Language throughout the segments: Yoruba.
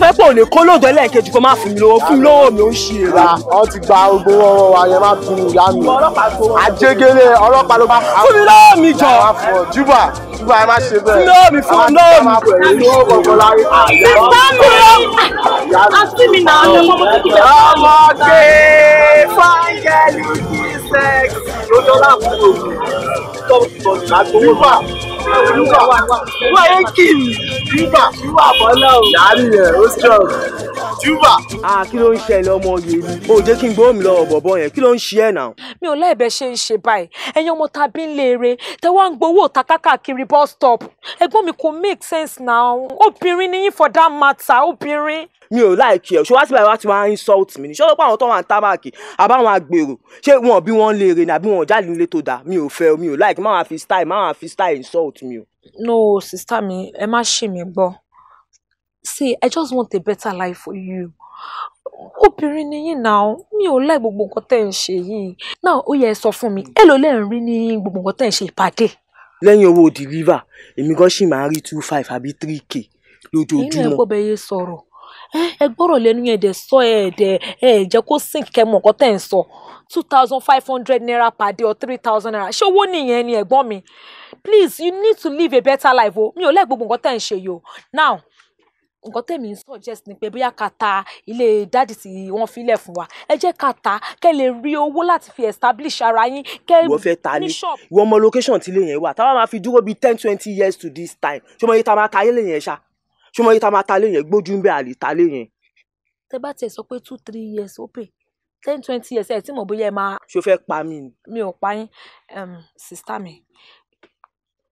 sọ fẹ́ pé ò lè kó lóògùn ẹlẹ́ẹ̀kejì kó má fún mi lówó fún mi lówó mi ò ń ṣe ra. wọ́n ti gba gbogbo wọn wa yẹn máa fún ìyá mi. àjẹgẹlẹ ọlọ́pàá ló bá. fún mi lọ́wọ́ mi jọ. jùbà jùbà ẹ má ṣe bẹ́ẹ̀. fún mi lọ́wọ́ mi fún mi lọ́wọ́ mi. bíbá mi lọ àti mi náà ló mọ mọ kíkẹ́. ọmọdé fáyẹlì kí sẹ́ẹ̀kì ló dọ́là fún òògùn tó ti tọ́jú Yúbà wà yé kì í. Yúbà Yúbà bọ́lá o. Yàrá rẹ̀ ó strong. Yúbà. À kí ló ń ṣẹlẹ̀ ọmọ yìí? O jẹ́ kí n gbóhùn mi lọ́wọ́ bọ̀bọ̀ yẹn. Kí ló ń ṣe ẹ̀ náà? Mi ò láìbẹ̀ ṣe ń ṣe báyìí. Ẹ̀yin ọmọ tàbí ń léèrè. Tẹ wá ń gbowó òta káàkiri bus stop. Ẹ̀gbọ́n mi kò make sense now. Obìnrin ni yín for that matter. Obìnrin mi ò láìkí ẹ ṣọwọ́ àtìgbà yẹn wá ti máa ń insult mi ni ṣọlọ́pọ̀ àwọn tó wà ń tábàkì àbáwọn àgbèrò ṣé wọn bí wọ́n léèrè ni àbí wọn jáde nílé tó dáa mi ò fẹ́ mi ò láìkí má wàá fi style má wàá fi style insult mi o. no sista mi ẹ má ṣì mí gbọ́ see i just want a better life for you obìnrin ni yín náà mi ò láì gbogbo nǹkan tẹ́ ń ṣe yìí náà ó yẹ ẹ sọ fún mi ẹ ló lè rí ní gbogbo nǹkan tẹ́ ń ṣe ìpàdé. lẹ́yìn owó deliver èmi gan ṣì máa ń rí two five àbí three k lójoojúmọ́. inú ẹ̀ gbọ́ bẹ́ẹ̀ yé sọ̀rọ̀ ẹ gbọ́rọ̀ lẹ́nu yẹn dẹ̀ sọ ẹ̀ dẹ̀ ẹ̀ jẹ́ kó sink kẹ́ mọ̀ tẹ̀ ń sọ two thousand five hundred naira per day or three thousand naira ṣé owó nìyẹn ni ẹ̀gbọ́n mi please you need to live a better life o mi ò lẹ́ gbogbo nǹkan tẹ̀ ń ṣe yìí o now nǹkan tẹ̀mí ń suggest ni pé bóyá ká ta ilé dáàdì tí wọ́n filẹ̀ fún wa ẹ jẹ́ ká ta kẹ́ lè rí owó láti fi establish ara yín kẹ́ ní shop. ìwọ ọmọ location tí ilé yẹn wà táwa máa fi dúró bíi ten twenty years to this time ṣé mo yẹ ta máa ta ilé yẹn ṣá ṣé mo yí ta máa ta lé yẹn gbójú ń bẹ àlè ta lé yẹn. tẹ bá tiẹ̀ sọ pé two three years ó pè ten twenty years ẹ̀ tí mo bóyá ẹ máa. ṣo fẹ́ pa mí ni. mi ò pa yín sista mi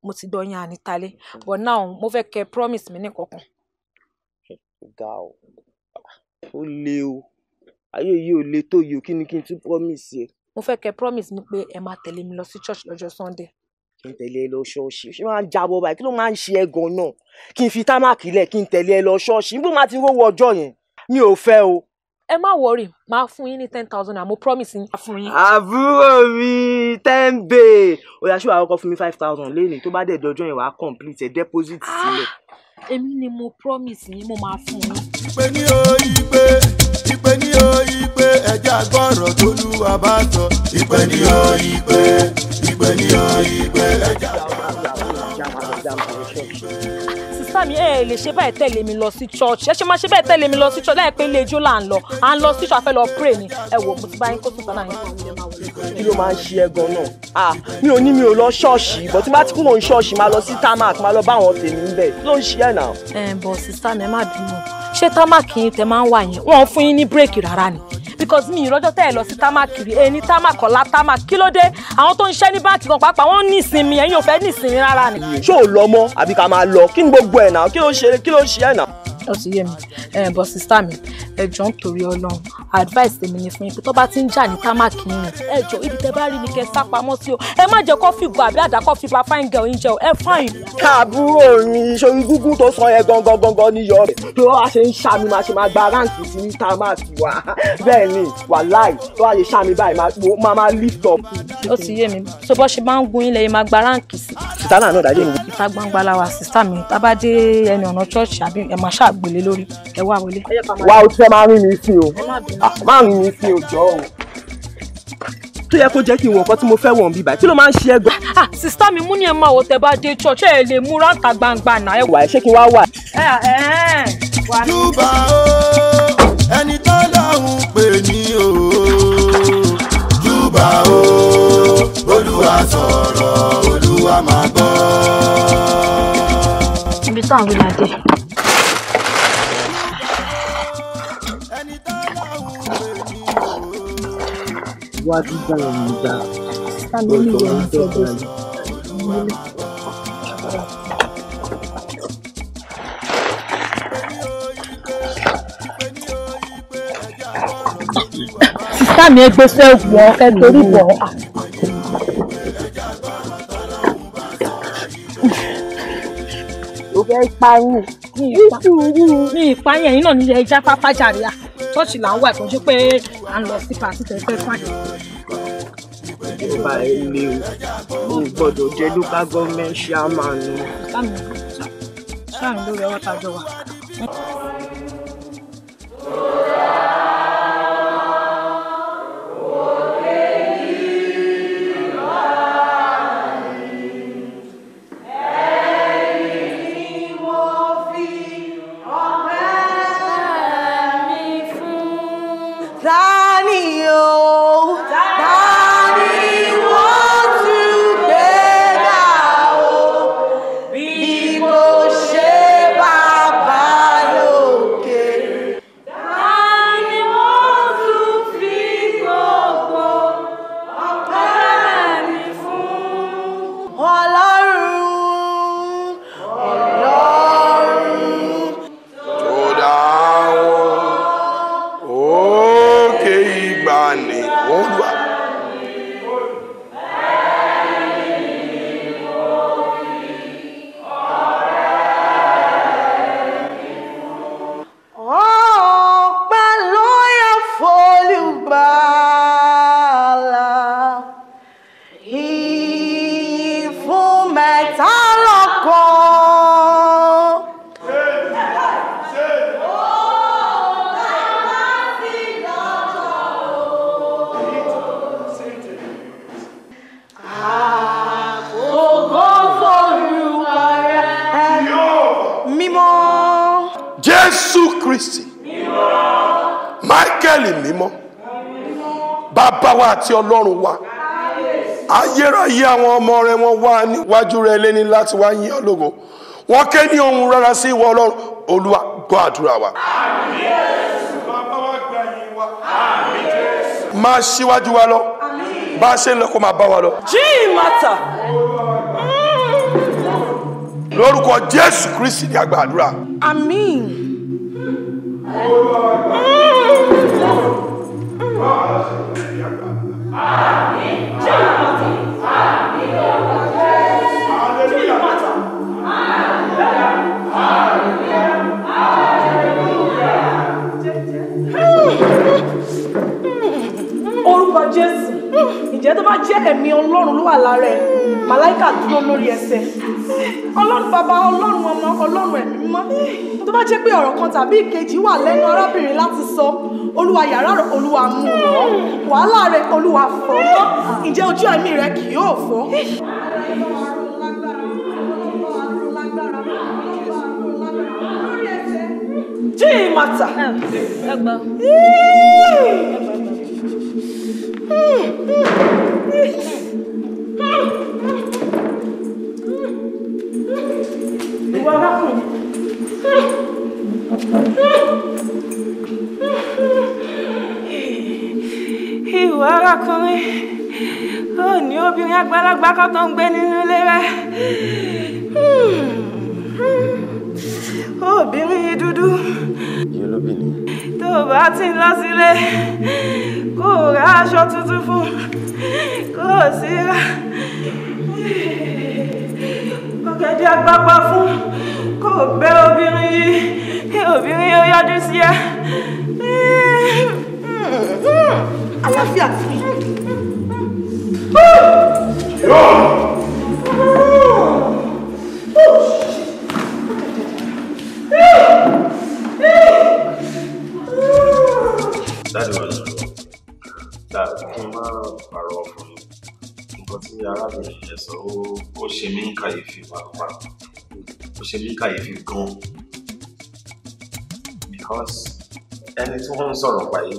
mo ti gbọ́ yín ànítalé but now mo fẹ́ kẹ́ promise mi ní kankan. ọ̀gá o ó le o ayé yìí ò le tó yìí o kí ni kí n tún promise yẹ. mo fẹ́ kẹ́ promise mi pé ẹ máa tẹ̀lé mi lọ sí church lọ́jọ́ sunday kí n tẹ̀lé ẹ lọ ṣọ́ọ̀ṣì ṣé máa ń jábọ̀ báyìí kí ló máa ń ṣe ẹ gan náà kí n fi támàkì lẹ̀ kí n tẹ̀lé ẹ lọ ṣọ́ọ̀ṣì níbo máa ti rówó ọjọ́ yẹn mi ò fẹ́ o. ẹ má wọrí máa fún yín ní ten thousand àmọ́ promise yín. àbúrò mi ten bay oya ṣé wàá kọ́kọ́ fún mi five thousand lẹ́yìn tó bá dẹ̀ dọjọ́ yẹn wàá complete ẹ̀ deposit ah! sílẹ̀. èmi ni mo promise yín mo máa fún yín. ìpè ní o ìpè ìpè ní o ìpè ìgbẹ́ ní ìgbẹ́ ẹja sísá mi ẹ lè ṣe báyìí tẹ̀lé mi lọ sí church ẹ ṣe máa ṣe báyìí tẹ̀lé mi lọ sí church láìpẹ́ ilé ijó là ń lọ à ń lọ sí church àfẹ́ lọ pray ni ẹ wò mo ti bá yín kó sùn sánà yín. kí ló máa ń ṣe ẹ gan-an náà mi ò ní mi ò lọ ṣọ́ọ̀ṣì ìbọn tí bá ti kúrò ní ṣọ́ọ̀ṣì máa lọ sí tamak máa lọ bá àwọn tèmi ń bẹ̀ ló ń ṣe ẹ̀ náà. ẹ bọ̀ sísá mi ẹ má bínú ṣé tamak yín tẹ máa ń wà yẹn wọ́n fún yín ní because mi ìrọ́jọ́ tẹ́ ẹ lọ sí támàkiri ẹni támàkọ̀ la támà kí ló dé àwọn tó ń ṣẹ́ ní báǹkì kan pàápàá wọ́n ní ìsinmi ẹ̀yin ò fẹ́ ní ìsinmi rárá ni. ṣé ò lọ mọ àbí ká máa lọ kí ni gbogbo ẹ̀ náà kí ló ń ṣe kí ló ń ṣe ẹ̀ náà. ó yé mi bọ́ sísá mi ẹjọ́ nítorí ọlọ́run advice tèmi ni fún yín pé tó bá ti ń jà ní támàkì yín ẹjọ́ ibi tẹ bá rí ni kẹ sá pamọ́ sí o ẹ má jẹ́ kọ́fì gbọ́ àbí àdá kọ́fì pa fine girl yín jẹ o ẹ fine. káàbúrò mi ìṣòro gúngún tó sọ yẹn gangan gangan níyọ rẹ tó wá ṣe ń ṣàmì máa ṣe máa gba ráǹkì sí támàkì wa bẹ́ẹ̀ ni wàláì tó wá ṣe ṣàmì báyìí máa máa lift up. ó ti yé mi so bó ṣe máa ń gun ilẹ̀ yìí máa gba ráǹkì sí. sìtánà náà dájú ìwé. ìta gbangba la wa sista mi tá ẹni ọ̀nà ṣọ́ọ̀ṣì fẹ́ máa rí mi sí o máa ah, rí mi sí o jọ o tó yẹ kó jẹ́ kí n wọ̀ nǹkan tí mo fẹ́ wọ̀ bíbá kí ló máa ń ṣe ẹgbẹ́. Ah, ah, sista mi mú ni ẹ máa wò tẹ bá dé church ẹ lè mú ráńtà gbangba náà. ẹ wà ẹ ṣé kí n wá wà. júbà o ẹni tó lọ́hùn pè mí o júbà o olúwa sọ̀rọ̀ olúwa máa gbọ́. ibi táwọn wí la dé. wájú báyìí ní ìgbà lọ́jọ́ ọjọ́ sísá mi ẹgbẹ́ fẹ́ wọ̀ ọ́ kẹ́gbẹ́ orí wọ̀ ní ìpa ẹ̀yin náà ní ẹja pápá jàre à ṣọ́ọ̀ṣì là ń wà ìtọ́jú pé à ń lọ sí pàṣẹ tẹ̀lé fẹ́ fàdé. ìjọba ẹ lè o gbọ́dọ̀ jẹ local government chairman. sáà ń lórí ọwọ́ tájọ wa. ti ọlọ́run wa ayérayé àwọn ọmọ rẹ wọn wá níwájú rẹ lẹ́ni láti wá yín ológo wọn ké ní ohun rárá sí ìwọ ọlọ́run olúwa gbọ́ àdúrà wa. máa ṣíwájú wa lọ bá a ṣe ń lọ kó máa bá wa lọ. jíì mata. lórúkọ jésù kristi ni àgbà àdúrà. àmín. orúkọ jésù ìjẹ́ tó bá jẹ́ ẹ̀mí ọlọ́run ló wà lára ẹ̀ màláìkà dúró lórí ẹsẹ̀ ọlọ́run bàbá ọlọ́run ọmọ ọlọ́run ẹ̀mí mímọ́ tó bá jẹ́ pé ọ̀rọ̀ kan tàbí ìkejì wà lẹ́nu arábìnrin láti sọ olúwa yàrá rẹ̀ olúwa mú un wàhálà rẹ̀ olúwa fọ́ ǹjẹ́ ojú ẹ̀mí rẹ̀ kì yóò fọ́ Hey, Mata. Ìwọ arákùnrin. Ìwọ arákùnrin ó ní obìnrin àgbàlagbà kan tó ń gbé nínú ilé rẹ. Hmm. Hmm obìnrin dúdú. ìyẹn lóbìnrin. tó o bá ti ń lọ sílé kó o ra aṣọ tuntun fún kó o sì ra ọ̀gẹ̀dẹ̀ àgbàpá fún kó o bẹ obìnrin yìí kí obìnrin yóò yọjú sí ẹ. aláfíà sí. Oh! jáde lọ yìí dáadáa kí n má pàrọ̀ fún yín nǹkan tí arábìnrin yẹn sọ ó ṣe mí kàyéfì pàápàá ó ṣe mí kàyéfì gan because gone. Because wọ́n ń sọ̀rọ̀ pàyé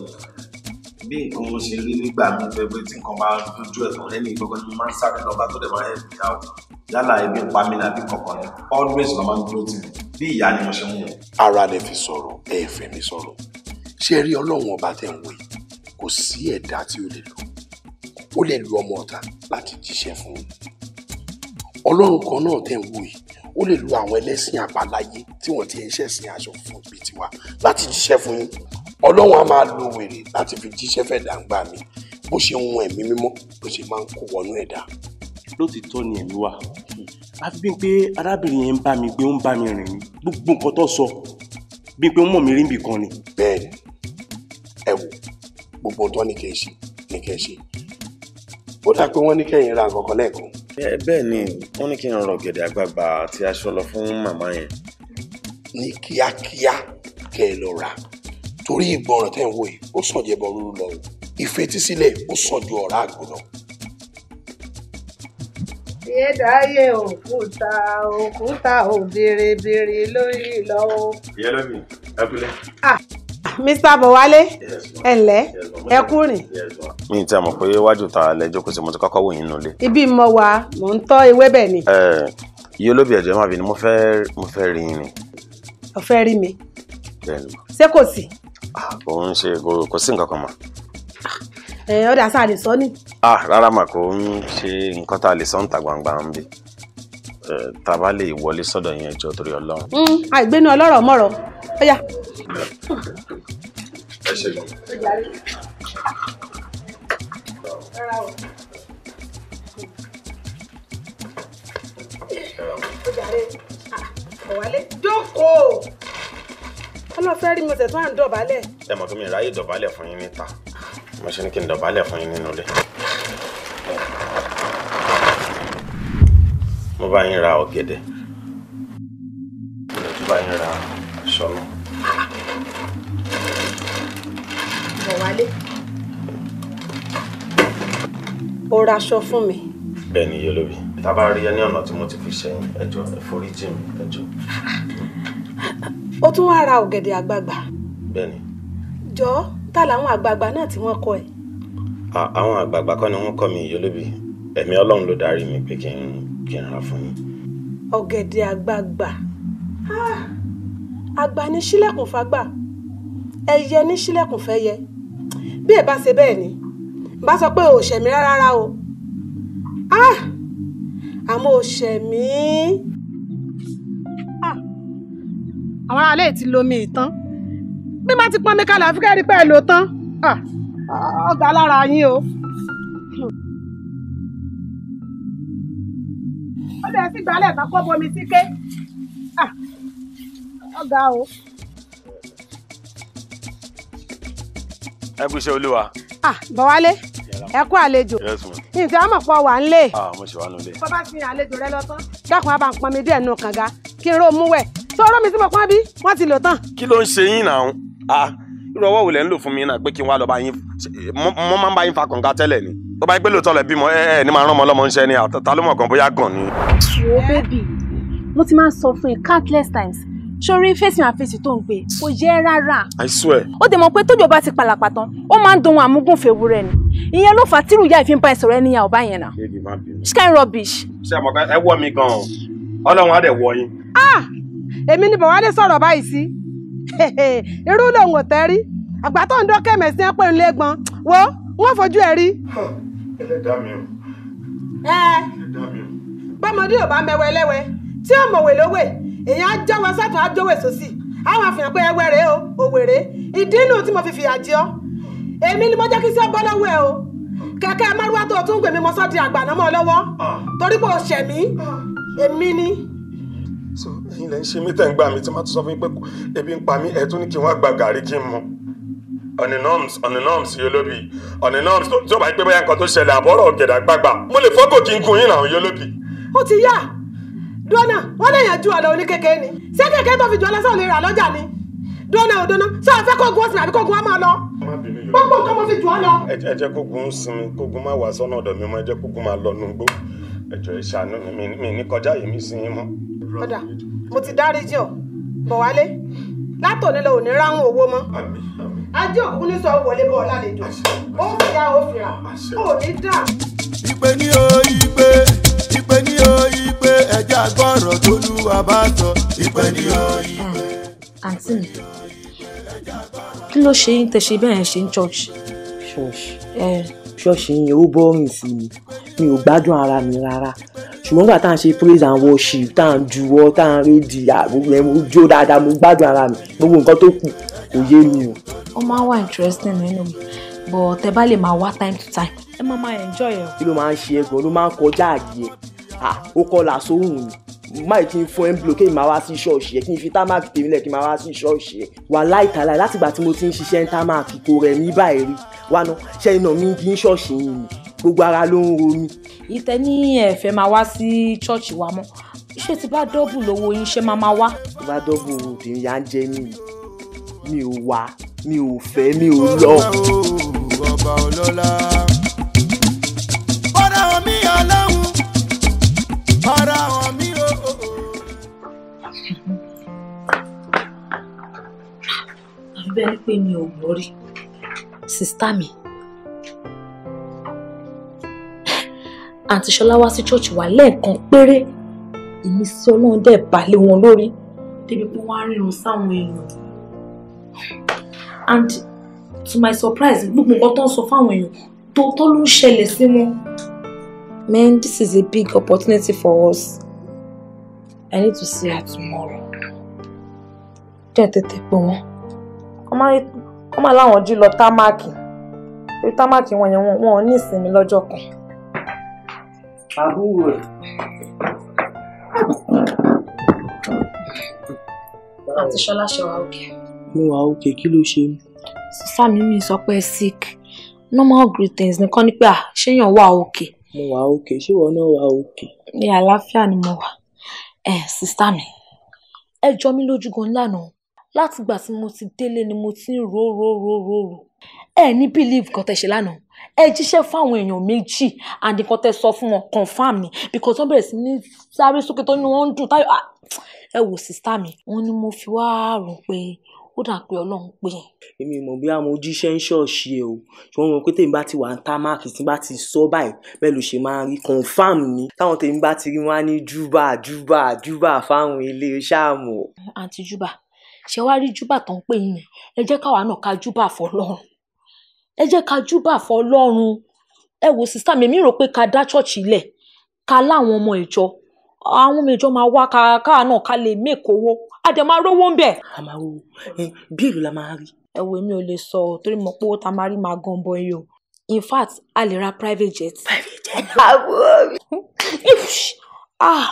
bí nǹkan mo ṣe rí nígbà mi pẹpẹ tí nǹkan bá dojú ẹ̀ tán lẹ́yìn ìgbọ́gbọ́n ni mo you ń sáré lọ́ba tó dẹ̀ máa ń help me out yálà ebi ń pa mí kankan always lọ́ máa ń dúró tì mí bí ìyá ni mo ṣe mú wọn. ara rẹ fi sọ̀rọ̀ ẹ mi sọ̀rọ̀ ṣé ẹ rí ọlọ́run ọba tẹ̀ ń wé kò sí ẹ̀dá tí ó lè lò ó lè lo ọmọ ọ̀tá láti jíṣẹ́ fún un ọlọ́run kan náà tẹ̀ ń wò ó lè lo àwọn ẹlẹ́sìn àbáláyé tí wọ́n ti ń ṣẹ̀sìn aṣọ fún bíi tiwa láti jíṣẹ́ fún yín ọlọ́run á máa lo wèrè láti fi jíṣẹ́ fẹ́ dàgbà mi bó ṣe ń wọn ẹ̀mí mímọ́ ló ṣe máa ń kó wọnú ẹ̀dá. lótìtọ́ ni ẹ̀mí wà àfi bíi pé arábìnrin yẹn ń bá mi gbé ó ń bá mi rìn ní gbogbo nǹkan tó sọ bíi pé ó mọ̀ mí rí nbìkan ni. bẹ́ẹ̀ni gbogbo ohun tí wọ́n ní kẹ́ ẹ ṣe ní kẹ́ ẹ ṣe ó dà pé wọ́n ní kẹ́yìn ra nǹkan kan lẹ́ẹ̀kan. bẹ́ẹ̀ ni wọ́n ní kí n rọ gẹ̀dẹ̀ àgbààgbà àti aṣọ lọ fún màmá yẹn. ní kíákíá kẹ́ ẹ lọ rà torí ìgbọràn tẹ́ ń wò yìí ó sàn jẹ́ bọ́ọ̀rù lọ o ìfetísílẹ̀ ó sàn ju ọ̀rá àgbò lọ. ìyẹ́dà ayé òkúta òkúta òbèrèbèrè lórí lọ o. ìyá lómi abúlé. ah Mr. Bọ̀wálé ẹ̀lẹ́ ẹ kú rìn. mi ti àmọ̀ pé iwájú ta lẹ́jọ́ kò sí mo ti kọ́kọ́ wò yín nulẹ̀. ibi mo wà mò ń tọ́ ewébẹ̀ ni. iye olóbì ẹ̀jẹ̀ máa bí ni mo fẹ́ rí yín ni. o rí mi. ṣé kò sí. Ah, kò ń ṣe kò sí nǹkan kan mọ́. ọ̀dà sáà lè sọ ni. Ah, rárá mà kò ń ṣe nǹkan tá a lè sọ ń ta gbangba ń bí tá a bá lè wọlé sọ́dọ̀ yẹn ẹjọ́ torí ọlọ́run. àìgbénu mm, ọlọ́rọ̀ mọ́rọ̀ ó yá. ẹ ṣe lọ. jókòó ọlọ́fẹ́ rí mi ọ̀sẹ̀ tó à ń dọ̀bálẹ̀. ẹ mọ̀ kí mi ráyè dọ̀bálẹ̀ fún yín níta mo ṣe ní kí n dọ̀bálẹ̀ fún yín nínú ilé mo bá yín ra ọ̀gẹ̀dẹ̀ mo tún bá yín ra sọnù. bọ̀ wálé ó raṣọ fún mi. bẹ́ẹ̀ ni yẹlóbi tá a bá rí ẹ ní ọ̀nà tí mo ti fi sẹ́yìn ẹjọ́ ẹ̀foríjì mi ẹjọ́. ó tún wá ra ọ̀gẹ̀dẹ̀ àgbagbà. bẹ́ẹ̀ ni. jọ ta làwọn àgbààgbà náà tí wọ́n kọ́ ẹ. àwọn àgbààgbà kọ́ ni wọ́n kọ́ mi yẹlóbi ẹ̀mí ọlọ́run ló darí mi pé kí n jẹ̀rán fún yín. ọ̀gẹ̀dẹ̀ àgbagbà ah! àgbà ní sílẹ̀kùn fàgbà ẹyẹ ní sílẹ̀kùn fẹ́yẹ bí ẹ bá ṣe bẹ́ẹ̀ ni bá sọ pé òṣèmí rárá o ah! àmọ́ òṣèmí. Ah! àwọn aráalé ti lomi ìtàn bí má ti pọn mi kalẹ̀ àfikẹ́ rí pẹ́ lò tán ọ̀gá lára yín o. ó bẹ̀rẹ̀ sí gbálẹ̀ kan ah, o. ẹ kú iṣẹ́ a ah, bọ̀wálé ẹ kú àlejò ǹjẹ́ àmọ̀ pọ̀ wà ń lé. Ah, mo ṣe wà ló lé. bọ́bá ti àlejò rẹ lọ dákun á bá ń pọn mi díẹ̀ nù kànga kí n ró mú wẹ̀ mi tí mo pọ́n bí wọ́n ti lò fún mi náà pé kí n wá lọ bá yín mo máa ń bá yín fa kànga tẹ́lẹ̀ ni. tó bá yẹ pé lóòótọ́ lẹ bímọ ẹ ẹ ní máa rán ọmọ ọlọ́mọ ńṣẹ́ ni ta ló mọ̀ gan bóyá gan ni. wo bébì mo ti máa sọ fún ẹ countless times sórí fèsì àfèsì tó ń pè kò yẹ rárá. i swear. ó dẹ̀ mọ̀ pé tójò bá ti palàpà tán ó máa ń dohun àmúgùnfèwu rẹ̀ ni ìyẹn ló fà á tírù ìyá ìfín bá ẹ sọ̀rọ̀ ẹni ìyá ọba yẹn náà. ṣé kí n rubbish. ṣé àmọ́ ẹ wọ mi gan-an ọlọ́run á dẹ̀ wọ yín. ah èmi ni bàbá dé sọ̀rọ̀ báyìí sí irú lòun ò tẹ́ rí àgbà tó ń dọ́kẹ́ mẹ̀sìn ẹ̀ pé ń lé gbọ́n wo wọ́n fojú ẹ̀ ẹlẹ́dàá mi o. ẹlẹ́dàá mi o. bọ́mọdé ò bá mẹwẹ ẹlẹ́wẹ tí ó mọ̀wé lówè èèyàn á jọ́wọ́ sọ́tún á jọ́wọ́ sósì àwọn àfihàn pé ẹwẹ́ rèé o òwèrè ìdí inú tí mo fi fìyà jẹ ọ́ èmi ni mo jẹ́ kí sí ọbọ̀ lọ́wọ́ ẹ o kẹ̀kẹ́ márùwá tó o tún gbèmí mo sọ́ di àgbànámọ́ lọ́wọ́ ah. torí pé o ṣẹ̀ mí èmi ni. so ẹ̀yin lẹ ń ṣe mí tẹ̀ ń gbà mí tí wọ́n ti sọ fún yín pé ebi ń pa mí ẹ̀ tún ní kí wọ́n gba gàrí kí n mu ọ̀nìnàms ọ̀nìnàms yólóbì ọ̀nìnàms tó bá yí pé bóyá nǹkan tó ṣẹlẹ̀ àbọ̀rọ̀ ọ̀gẹ̀dà gbàgbà mo lè fọ́kò kí n kun yín làwọn yólóbì. ó ti yá dọ́nà wọ́n lè yànjú ọ̀nà oníkèké ni ṣé kèké tó fi jọ lọ́sàn-án lè rà lọ́jà ni dọ́nà ò dọ́nà sọ fẹ́ kó gun ọ̀sìn àbí kó gun ọmọ lọ. gbogbo nǹkan mo fi jù ọ lọ. ẹ jẹ́ kó gun sinmi kó gun má wà látòní lọ òní ráhùn owó mọ́ ajé òkú ní sọ wọlé bọ́ lálejò ó ń fìyà ó fìrà ó ní dà. ìpè ní o ìpè ìpè ní o ìpè ẹ̀jẹ̀ àgbọ̀rọ̀ tó lù wá bá sọ ìpè ní o ìpè. Ah, àǹtí mi kí ló ṣe ń tẹ̀sí bẹ́ẹ̀ ṣe ń church. church ṣọ́ọ̀ṣì eh. yẹn ó bọ́ọ̀rìn sí mi mi ò gbádùn ara mi rárá ṣùgbọ́n gbà tá à ṣe praise and worship tá à juwọ́ tá à ń rédi àgbègbè yẹn jó dáadáa mo gbádùn ara mi gbogbo nǹkan tó kù kò yé mi o. ó máa ń wá interesting nínú but tẹ bá lè máa wá time to time ẹ máa máa enjoy ẹ. kí ló máa ń ṣe é gan ló máa ń kọjá àyè ó kọ́ làásù òun ni máì kí n fún ẹ́ńbùlò kí n máa wá sí ṣọ́ọ̀ṣì ẹ̀ kí n fi támàkì tèmi lẹ̀ kí n máa wá sí ṣọ́ọ̀ṣì ẹ̀ wà láìtàláì látìgbà tí mo ti ń ṣiṣẹ́ ń támàkì kò rẹ̀ mí báyìí rí wà ná ṣe iná mi kí n ṣọ́ọ̀ṣì yìí ni gbogbo ara ló ń ro mi. ìtẹ́ ní ẹ̀fẹ́ máa wá sí ṣọ́ọ̀ṣì wa mọ́ ṣé ti bá dọ́bù lówó yín ṣé máa máa wá. ti bá dọ́bù obìnrin yà ń jẹ mí mi ò wá mi ò fẹ́ mi ò lọ. ọba ọlọ́lá bẹ́ẹ̀ ni pé mi ò gbọ́ rí sista mi àǹtí ṣọlá wá sí ṣọ́ọ̀ṣì wa lẹ́ẹ̀kan péré èmi sí ọlọ́run dẹ̀ balẹ̀ wọn lórí débi pé wọ́n á rìnrìn sáwọn èèyàn and to my surprise gbogbo nǹkan tó ń sọ fáwọn èèyàn tó tọ́ ló ń ṣẹlẹ̀ sí wọn. man this is a big opportunity for us i need to see her tomorrow. jẹ́ tètè pé wọ́n wọ́n máa láwọn jí lọ támákì torí támákì wọn yẹn wọn ò ní ìsinmi lọ́jọ́ kan. àbúrò àti ṣọlá ṣe wà òkè. mo wà òkè kí ló ṣe. sísá mi mi sọ pé sick normal greetings nìkan ni pé à ah, ṣéyàn wà òkè. mo wà òkè ṣé ìwọ náà wà òkè. ní àlàáfíà ni mo wà ẹ sísá mi ẹ jọ mí lójú gan lánàá látìgbà tí mo ti délé ni mo ti ń ro ro ro ro ro ẹ ní believe nǹkan tẹ ṣe lánàá ẹ jíṣẹ́ fáwọn èèyàn méjì and nǹkan tẹ sọ fún wọn confam ni because wọ́n bẹ̀rẹ̀ sí ní sáré sókè tó ní wọ́n ń dùn táyọ̀ ah! ẹ wò sísá mi wọ́n ní mo fi wá rò pé ó dà pé ọlọ́run pé. èmi mọ̀ bí àwọn ojíṣẹ́ ń ṣọ́ọ̀ṣì ẹ o ṣùgbọ́n mo pé tèmi bá ti wà ń ta máàkì tí bá ti sọ báyìí bẹ́ẹ̀ ló ṣe máa rí confam ni táwọn tèmi bá ti rí wọn á ní júbà júbà júbà fáwọn ilé ṣáàmù. àǹtí júbà ṣe wá rí júbà tó ń pè yín yẹn ẹ jẹ́ káwa náà ka júbà fọlọ́run ẹ jẹ́ ká júbà fọlọ́run ẹ wò sísá mi mi rò pé ká dá ṣọ́ọ̀ṣì lẹ̀ ká láwọn ọmọ ìjọ àwọn ọmọ ìjọ máa wá káà náà ká lè mẹ́kọ̀ọ́wọ́ a rówó ń bẹ̀. a máa wo bí èlò la máa rí. ẹ wo èmi ò lè sọ ọ torí mo pé owó máa rí máa gan bọ yìí in fact a lè ra private jet. private jet àbúrò mi. ah,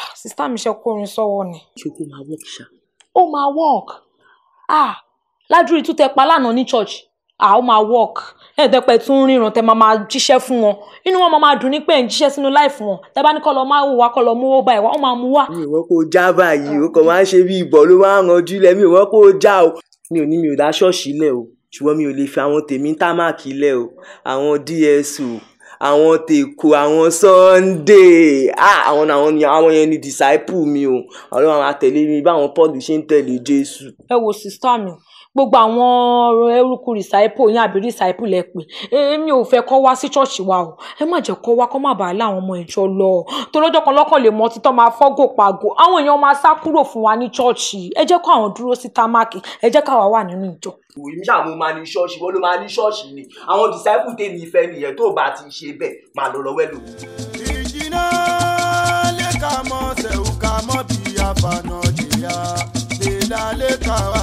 ah sista mi ṣe kórin sọ́wọ́ ni. ṣé kó máa wọ́ọ̀kì ṣáà ó máa work ah ládùúrí tún tẹ pa lánàá ní church ah ó máa work ẹ̀ tẹ́ pẹ́ tún ríran tẹ́ máa máa jíṣẹ́ fún wọn inú wọn máa máa dùn ní pé ẹ̀ ń jíṣẹ́ sínú láì fún wọn tẹ́ bá ní kọ́ lọ máa wò wá kọ́ lọ mú owó báyìí wá ó máa mú wá. mi ò wọ́n kó já báyìí o kò máa ń ṣe bí ìbọ̀ ló máa ń ranjú lẹ̀ mi ò wọ́n kó já o mi ò ní mi ò dá ṣọ́ọ̀ṣì lẹ̀ o ṣùgbọ́n mi ò lè fi àwọn tèmi támàkì àwọn tèkó àwọn Sunday ah àwọn àwọn àwọn yẹn ni disciple mi o àwọn náà máa tẹ̀lé mi báwọn Paul ṣe ń tẹ̀lé Jésù. ẹ wo sista mi gbogbo àwọn ọ̀rọ̀ eruku rìsáìpù yín àbí rìsáìpù lẹ pè èmi ò fẹ́ kọ́ wá sí ṣọ́ọ̀ṣì wa o ẹ má jẹ́ kọ́ wá kọ́ má bàa láwọn ọmọ ìjọ lọ tó lọ́jọ́ kan lọ́kàn lè mọ títọ́ máa fọ́gò pàgò àwọn èèyàn máa sá kúrò fún wa ní ṣọ́ọ̀ṣì ẹ jẹ́ kó àwọn dúró sí támákì ẹ jẹ́ káwa wà nínú ìjọ. èmi ṣáà mo máa ní ṣọ́ọ̀ṣì wọ́n ló máa ní ṣọ́ọ̀ṣì ni àwọn disciple tèmi ìfẹ́ nìyẹn tó bá ti ṣe bẹ́ẹ̀ máa lọ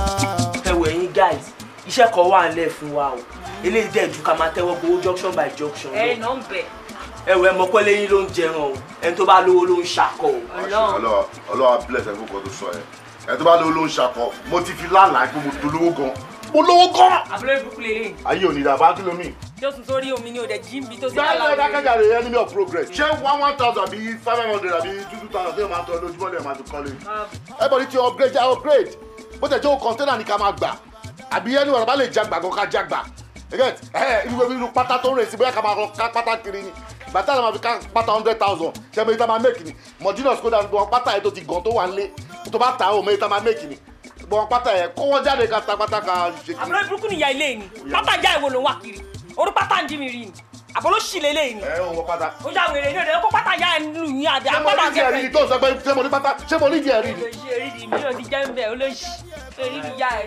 iṣẹ́ kan wà ń lẹ̀ fún wa o eléyìí dẹ̀ ju ká máa tẹ́wọ́ gbowó junction by junction lọ. ẹ nà ń bẹ̀. ẹ wẹ mọ pé lẹ́yìn ló ń jẹran o ẹni tó bá lówó ló ń ṣakọ o. ọlọ́wọ́ ọlọ́wọ́ bless ẹ fún kan tó sọ ẹ ẹni tó bá lówó ló ń ṣakọ mo ti fi lálàá pé mo dolówó gan mo lówó gan. àbúrò ìbùkún lè lè. ayé ò ní ìdá bá jọ́sùn tó omi ni òde jí mi tó ti bá bẹ́ẹ̀ ni dákẹ́jà rẹ̀ enemy of progress. ṣé one one thousand àbí five hundred àbí two two thousand ṣé máa tọ́ lójúmọ́ lẹ́yìn máa fi kọ́lé. Um. everybody ti upgrade ja upgrade bó tẹ̀ jẹ́ container ni ká máa àbí ni wàrà bá lè jagbà kó ká jagbà get ẹ ibi gbogbo inú pátá tó ń rè sí bóyá ká máa lọ ká pátá kiri ni bàtà náà máa fi ká pátá hundred thousand ṣe mi ta máa make ni mọ̀jínà skoda gbọ́n pátá yẹn tó ti gàn tó wà nílé tó bá ta ó mi ta máa make ni gbọ́n pátá yẹn kọ́wọ́ jáde ká ta pátá ká ṣe kiri. àbúrò ìbúrúkú nìyá ilé ni pátá já ìwo ló wà kiri orí pátá ń jí mi rí ni àbọ̀lọ́ sì lélẹ̀ yìí. ẹ ò wọ pátá. ó yà wèrè ní òde kó pátá ya ẹ lù yín àbí àpáta gẹ́gẹ́. ṣé mo ní ìdí ẹ̀rí tó sọ pé pátá ṣé mo ẹ̀rí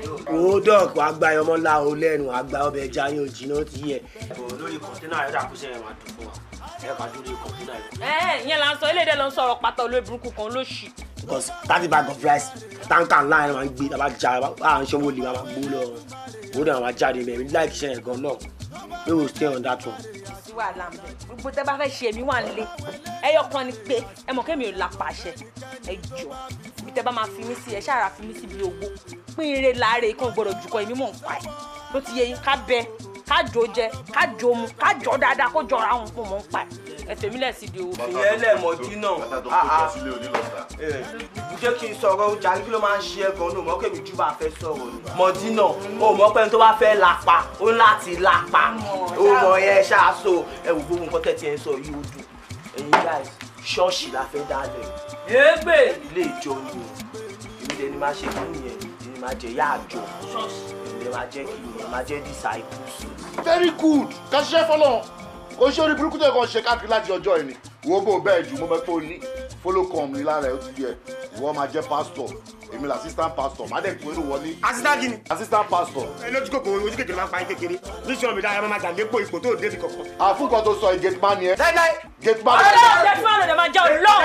ni. o dọ̀kọ̀ àgbà ọmọ ńlá o lẹ́nu àgbà ọbẹ̀ ẹja yín jiná ti yẹ. lórí kọ̀ńténà ẹ̀ máa because thirty bag of rice tanka ńlá yẹn máa ń gbé tá a bá ja a ń ṣe owó lè máa gbó lọ owó dẹ̀ máa jáde bẹ́ẹ̀ mi like ṣe yẹn gan náà we will stay on that one sí wàhálà ń bẹ gbogbo tẹ bá fẹ́ ṣe èmi wà nílé ẹyọ kan ni pé ẹ mọ̀ kémi ò la pàṣẹ ẹ jọ bí tẹ bá máa fi mí sí ẹ ṣáà fi mí síbi owó pín ire láàárẹ̀ ikán gbọ́dọ̀ jùkọ èmi mọ̀ ń pa ẹ̀ ló ti yẹ yín ká bẹ́ẹ̀ kájò jẹ kájò mu kájò dáadáa kó jọra àwọn nǹkan mọ̀ ń pa ẹsẹ̀ mi lẹ̀ di owó. ìyẹn lẹ́ẹ̀mọ́dí náà ah, ah. Eh, jẹ́ kí n sọ̀rọ̀ oúnjẹ àríkí ló máa ń ṣe ẹ̀gàn ní òmọ́ kèmí jù bá fẹ́ sọ̀rọ̀ ni. mọ̀dínà o mọ̀ pẹ́ni tó bá fẹ́ lápa ó ń láti lápa o mọ̀ yẹn ṣáàṣọ ẹ̀wù gbogbo nǹkan tẹ̀ ẹ̀ ń sọ yìí ó dùn ẹ̀yin guys ṣọ́ọ̀ṣì la fẹ́ dálẹ̀. yéègbè ilé ìjọ ni o èmi lẹni máa ṣe fún yẹn èmi máa jẹ yáàjọ èmi máa jẹ kí èmi máa jẹ disciples very good ká ṣiṣẹ́ fọlọ́ kò ṣe orí burúkú tẹ̀ kàn ṣe káàkiri láti ọjọ́ yìí ni wo bó bẹ́ẹ̀ jù mo mẹ́ pé ó ní follow come ní lára ẹ̀ ó ti yẹ ìwọ máa jẹ́ pastor èmi la assistant pastor má dẹ̀ kúrò wọlé. assistant kí assistant pastor. ẹ lójú kòkòrò ojú kékeré máa ń pa yín kékeré bíṣọ̀ mi dára máa jà lépò ipò tó débi kọ̀ọ̀kan. àfúnkọ tó sọ gate man yẹn. láíláí. gate man. ọlọ́run gate man lè máa jẹ́ òun lọ́wọ́.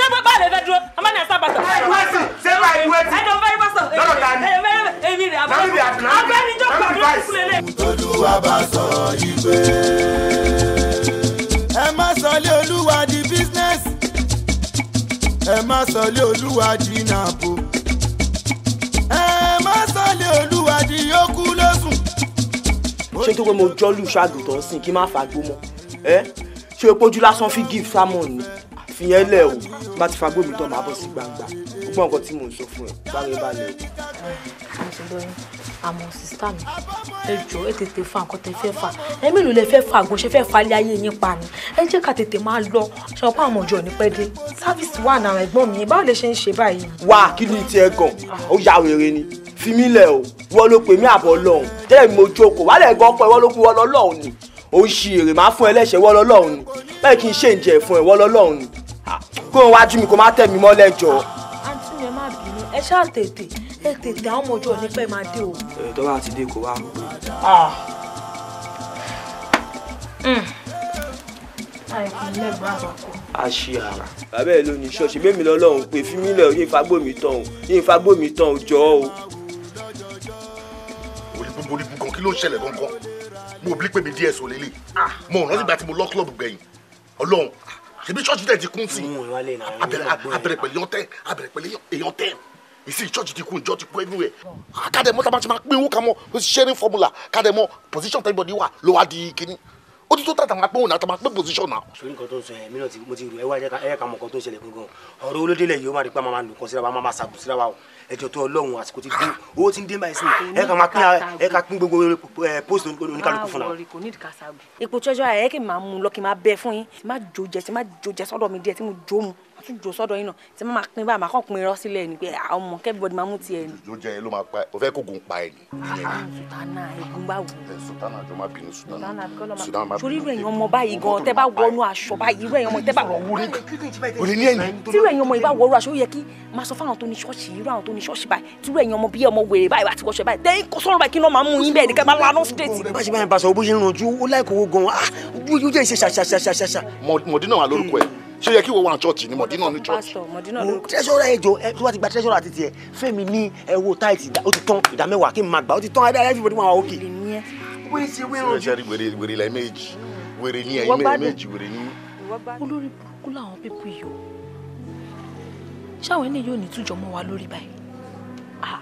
ṣé bàbá rẹ̀ fẹ́ dúró a máa ní assistant pastor. ẹ dùn ẹsì ṣé máa dùn ẹsì. ẹ dùn fẹ́rí pásítọ̀. lọ́dọ̀ ta ni. èmi rẹ̀ abúlé ẹ má sọ lé olúwa di business lé olúwa tí yóò kú lọ́sùn. ṣé tó pé mo jọ́lù ṣàgùtàn sí kí n má fàgbó mọ́ ẹ ṣé o pójú lásán fi give sermon ni àfihàn ẹlẹ o bá ti fagbó mi tán máa bọ́ sí gbangba gbogbo nǹkan tí mò ń sọ fún ẹ báyọ̀ balẹ̀ o àmọ́ sista mi ẹ jọ̀ọ́ ẹ tètè fa nǹkan tẹ fẹ́ fà ẹ mélòó lẹ fẹ́ fa àgbo ṣe fẹ́ fa ilé ayé yín pa ni ẹ jẹ́ ká tètè máa lọ ṣọpọ àwọn ọjọ́ ní pẹdé sáfìsì wà náà ẹ̀gbọ́n mi báwo lè ṣe ń ṣe báyìí. wá kí ni tiẹ̀ gan ó yà wèrè ni fi mí lẹ̀ o wọ́n ló pè mí àbọ̀ lọ́hùn tẹ́lẹ̀ mi mo jókòó wálẹ̀ gan ọpọ ìwọ́n ló kú wọ́n lọ́lọ́hùn ni òun ṣì èrè máa fún ẹlẹ́ṣẹ̀ wọ́n lọ́lọ́hùn ni bẹ́ẹ̀ kí n ṣe ǹjẹ́ fún ẹ̀ wọ́n lọ́lọ́hùn ni kó o wájú mi kó má tẹ̀ mí mọ́lẹ̀ jọ. àǹtí mi má bínú ẹ ṣáà tètè ẹ tètè àwọn ọmọ ọjọ́ nípa ẹ máa dé o. ẹ tó bá ti dé kó wá pé. Hmm. a ṣe ara. bàbá ẹ ló ní ṣọ́ọ̀ṣì lọ́lọ́run pé fímílẹ̀ yín fagbómi tán o yín fagbómi tán o jọ o kí ló ṣẹlẹ̀ gangan mo bí pé mi díẹ̀ sọ lélẹ̀ ah. mo rántí ìgbà tí mo lọ club gbẹ̀yìn ọlọ́run ṣebí ṣọ́ọ̀ṣì tẹ̀ ti kún sí abẹ̀rẹ̀ pẹ̀lú ọ̀tẹ̀ abẹ̀rẹ̀ pẹ̀lú èèyàn tẹ̀ ìsì ti kún ìjọ ti kún everywhere ah, kádẹ́mọ́ tá ti máa pín owó kan mọ́ sharing formula kádẹ́mọ́ position everybody wà ló wá di kínní ó ti tó tàtà máa pé òun àtàwọn pé position náà. sórí nǹkan tó ń sọ yẹn mìíràn tí mo ti rò ẹ wá ẹ ká mọ nǹkan tó ń ṣẹlẹ̀ gbọngàn ọ̀rọ̀ olóde lẹ yìí ó máa di pa máa lù kàn síra wa máa máa ṣàkóso síra wa o ẹjọ́ tó Ọlọ́run àsìkò ti dé owó ti ń dé báyìí sí ẹ ká máa pín ẹ ká pín gbogbo post oníkálukú fún wa. ipò treasure ẹ kì í máa mú lọ kì í máa bẹ fún yín má jò jẹ sí má jò jẹ sọ́dọ̀ mi díẹ̀ tí mo jò mu tún jò sọ́dọ̀ yín náà tí má máa pín bá máa kàn pín irọ́ sílẹ̀ ni pé àwọn ọmọ kẹ́bíbọ́dì máa mú tiẹ̀ ni. ló jẹ́ ló máa pa o fẹ́ kó gun pa ẹ̀ ni. Ah, ah, sùtánà egun bá wù. sùtánà jọ máa bínú sùtánà sùtánà máa bínú. torí ìròyìn ọmọ báyìí gan tẹ bá wọnú aṣọ báyìí ìròyìn ọmọ tẹ bá wọ mọ̀dínà ah, wà lórúkọ ẹ̀ ṣé yẹ kí wọ́n wà church ni mọ̀dínà ní church. tẹ́sọ̀rọ̀ ẹ jọ tó bá ti gba tẹ́sọ̀rọ̀ àti tiẹ̀ fẹ́mi ní ẹ̀wọ̀ táìtì ó ti tán ìdá mẹ́wàá kí n máa gbà ó ti tán ẹ̀dá everybody wà òkè. wẹ́rẹ́ wẹ́rẹ́ la méjì wẹ́rẹ́ ní ẹ̀yìn méjì wẹ́rẹ́ ní. olórí burúkú làwọn pípú yìí o ṣáwọn ẹni yóò ní tújọ mọ́ ah,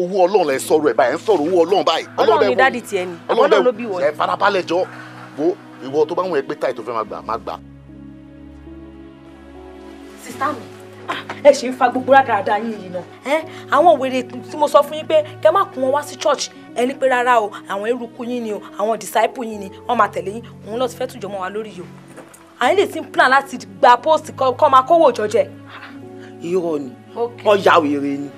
owó ọlọ́run ẹ sọ̀rọ̀ ẹ̀ báyìí ẹ ń sọ̀rọ̀ owó ọlọ́run báyìí ọlọ́run ni dádì tiẹ̀ ni ọlọ́run ló bí wọ́n ẹ farabalẹ̀ jọ wo ìwọ tó bá wọn ẹ pé táì tó fẹ́ máa gbà má gbà. sista mi ah, ẹ ṣe ń fa gbogbo rádaràda yín yìí náà. ẹ àwọn wèrè tí mo sọ fún yín pé kẹ má kún wọn wá sí church ẹ ní pé rárá o àwọn eruku yín ni o àwọn disciple yín ni wọn máa tẹ̀lé yín òun náà ti fẹ́ tùjọ́ mọ́ wa lórí yìí o. àyín lè ti ń plan láti gba post kọ́ máa kówó jọjẹ. irọ́ ni wọ́n ya wèrè ni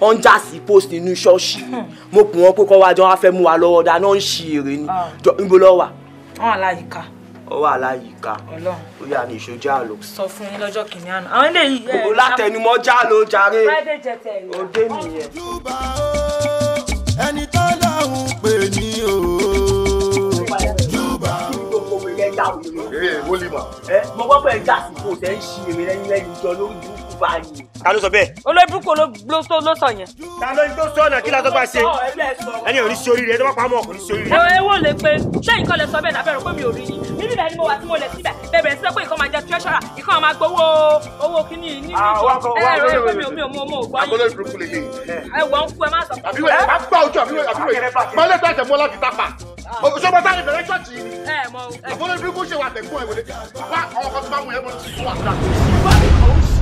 wọ́n ń já sí post inú ṣọ́ọ̀ṣì hmm. mo pè wọ́n pé kọ́ wájọ́ wá fẹ́ mú wa lọ́wọ́ dáná ń ṣe èrè ni ah. níbo ló wà wọn aláyìíká. ó wà aláyìíká ó yà ní ìṣó jáàló. sọ fún yín lọ́jọ́ kìíní àná àwọn eléyìí. o látẹnumọ́ jáàló jàre òde nìyẹn. ẹni tó lọ́hùn pè ní o. mo gbọ́ pé ẹ jà sí kò tẹ́ ń ṣe èmi lẹ́yìn lẹ́yìn jọ lórí ìlú bá yìí. ta ló sọ bẹ́ẹ̀. olóòbùkún ló sọ yẹn. ta ló ló sọ ọ̀nà kí la tó bá ṣe. ẹni ò ní sí oríire ẹni tó pa á mọ̀ kò sí oríire. ẹ wò lè pe ṣé nǹkan lè sọ bẹ́ẹ̀ lábẹ́rẹ́ pé mi ò rí yìí níbi bẹ́ẹ̀ ni mo wà tí mo lẹ̀ síbẹ̀ bẹ̀rẹ̀ sí pé ìkan máa jẹ treasurer ìkan máa gbowó owó kíní ní ìjọ ah, sọ. àbí wẹ́ẹ́ máa gbá yìí ni àbọ̀lẹ́bí kò ṣe wà tẹ̀gbọ́n ẹ̀ wẹ̀lẹ́ wá ọkọ̀ tó bá wù ẹ́ mọ́ lọ́sí fún àdúrà.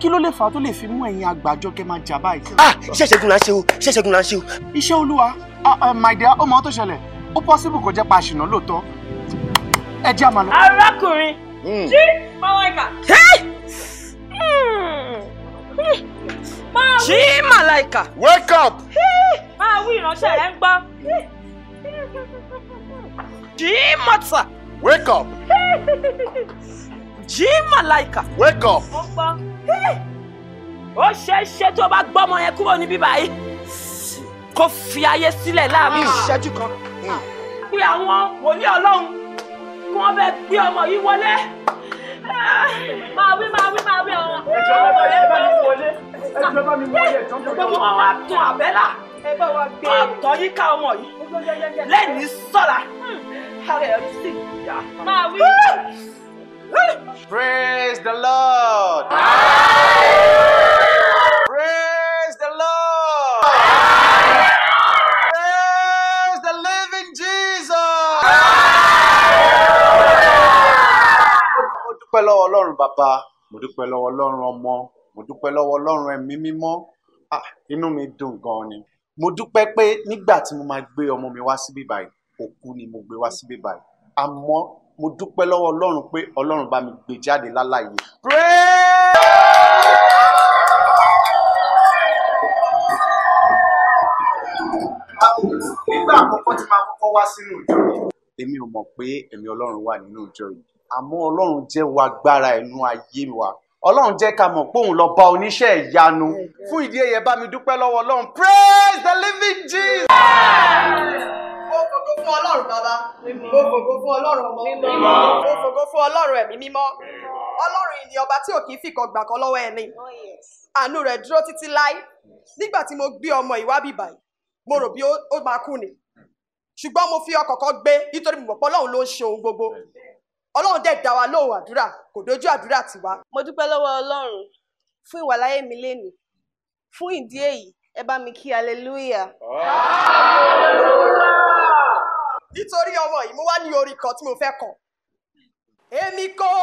kí ló lè fà á tó lè fi mú ẹ̀yin àgbàjọ kẹ́ máa jà báyìí. ah iṣẹ́ ìṣẹ́gun là ń ṣe o iṣẹ́ ìṣẹ́gun là ń ṣe o. iṣẹ́ olúwa um, my dear ó mọ ohun tó ṣẹlẹ̀ ó possible kó jẹ́ pa àṣìná lóòótọ́ ẹ jẹ́ àmàlà. arákùnrin jí màláìkà. jí màláìkà. wake up. máa wí ìránṣẹ́ rẹ̀ ń gbọ́. jí mọ́tà. wake up. jí màláìkà. wake up. ó gbọ́ ó ṣeé ṣe tó bá gbọ́mọ yẹn kúrò níbí báyìí kó fi ayé sílẹ̀ láàrin ah. ìṣẹ́jú kan pé àwọn wòlíì ọlọ́run kí wọ́n fẹ́ gbé ọmọ yìí wọlé máa wí máa wí máa wí ọ̀rọ̀. ẹjọ bá mi wọlé ẹjọ bá mi wọlé ẹjọ bá mi wọlé. wọ́n wá tún àbẹ́là ọ̀tọ̀ yìí ká ọmọ yìí lẹ́ni sọ́la hmm. ara ẹ̀ ti sì yá. máa wí. Praise the Lord. Praise the Lord. Praise the living Jesus. Mo dúpẹ́ lọ́wọ́ Ọlọ́run bàbá, mo dúpẹ́ lọ́wọ́ Ọlọ́run ọmọ, mo dúpẹ́ lọ́wọ́ Ọlọ́run ẹ̀mí mímọ́. Ah, inú mi dùn gan-an ni. Mo dúpẹ́ pé nígbà tí mo máa gbé ọmọ mi wá síbí báyìí, òkú ni mo gbé wá síbí báyìí. Àmọ́ mo dúpẹ́ lọ́wọ́ ọlọ́run pé ọlọ́run bá mi gbé jáde láláyé praise. nígbà àkọ́kọ́ tí máa kọ́kọ́ wá sínú ìjọ yìí. èmi ò mọ̀ pé ẹ̀mí ọlọ́run wà nínú ìjọ yìí àmọ́ ọlọ́run jẹ́ wa agbára ẹ̀nu ayé wa ọlọ́run jẹ́ ká mọ̀ pé òun lọ bá oníṣẹ́ ìyanu fún ìdí èyẹ bá mi dúpẹ́ lọ́wọ́ ọlọ́run praise the living Jesus. Yeah fún ọlọ́run bàbá mo fògo fún ọlọ́run ọmọ mo fògo fún ọlọ́run ẹ̀mí mímọ́ ọlọ́run ìní ọba tí ò kì í fìkan gbà kan lọ́wọ́ ẹni oh, àánú rẹ̀ dúró títí láé nígbà tí mo gbé ọmọ ìwá bíbà yìí mo rò bí ó máa kú ni ṣùgbọ́n mo fi ọkàn kan gbé nítorí mo mọ̀ pé ọlọ́run ló ń ṣe ohun gbogbo ọlọ́run dẹ̀ dá wa lóhùn àdúrà kò dojú àdúrà tiwa. mo dúpẹ́ lọ́wọ́ ọlọ́run fún ìwàláyé mi lénìí fún ìdí èyí ẹ bá mi kí hallelujah nítorí ọmọ yìí mo wá ní orin kan tí mo fẹ́ kọ. èmi kò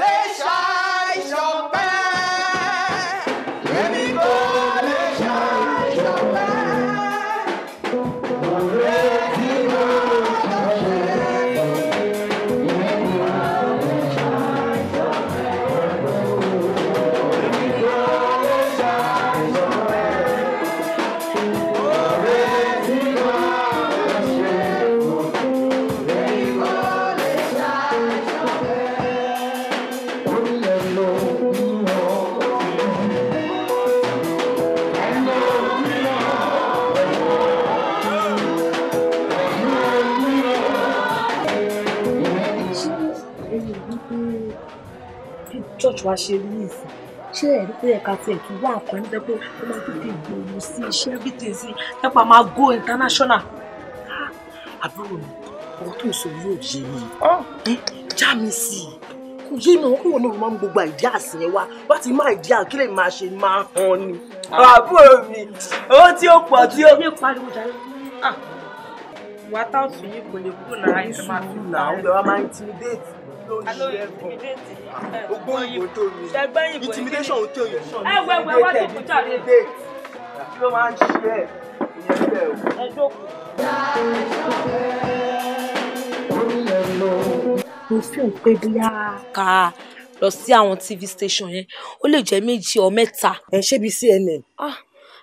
lè ṣàìsàn pẹ́ẹ́. máa ṣe rí nìsín ṣé ẹ̀rí pé ẹ̀ka tiẹ̀ tún wá nǹkan níbẹ̀ pé ó máa tètè gbòòrò sí iṣẹ́ everything sí nípa máa go international. Ah, àbúrò mi ọ̀rọ̀ tó ń sọ yóò yé mi já mi sí i kò yé mi wọn kí wọn náà máa ń gbogbo àìdí àsìn yẹn wá wá ti má ìdí àkí lè máa ṣe máa hàn ni. àbúrò mi owó tí ó pọ̀ tí ó. ojú ìyẹn pariwo jáde ah, wá táwọn tún yìí kò lè kúrò lára ìsìn máa fi là. àwọn ọmọ wa máa ń intimidate ló ń ṣe ẹ̀gbọ́n ogbó ìbò tó mi intimidation ò tó yìí. ẹ wẹ wẹ wá tó kúta rẹ. kí ló máa ń ṣe ẹ ìyẹn bẹ́ẹ̀ o. mo fi ń pé bóyá ká lọ sí àwọn tv station yẹn ó lè jẹ́ méjì ọ mẹ́ta. ẹ ṣé bíi cnn. ah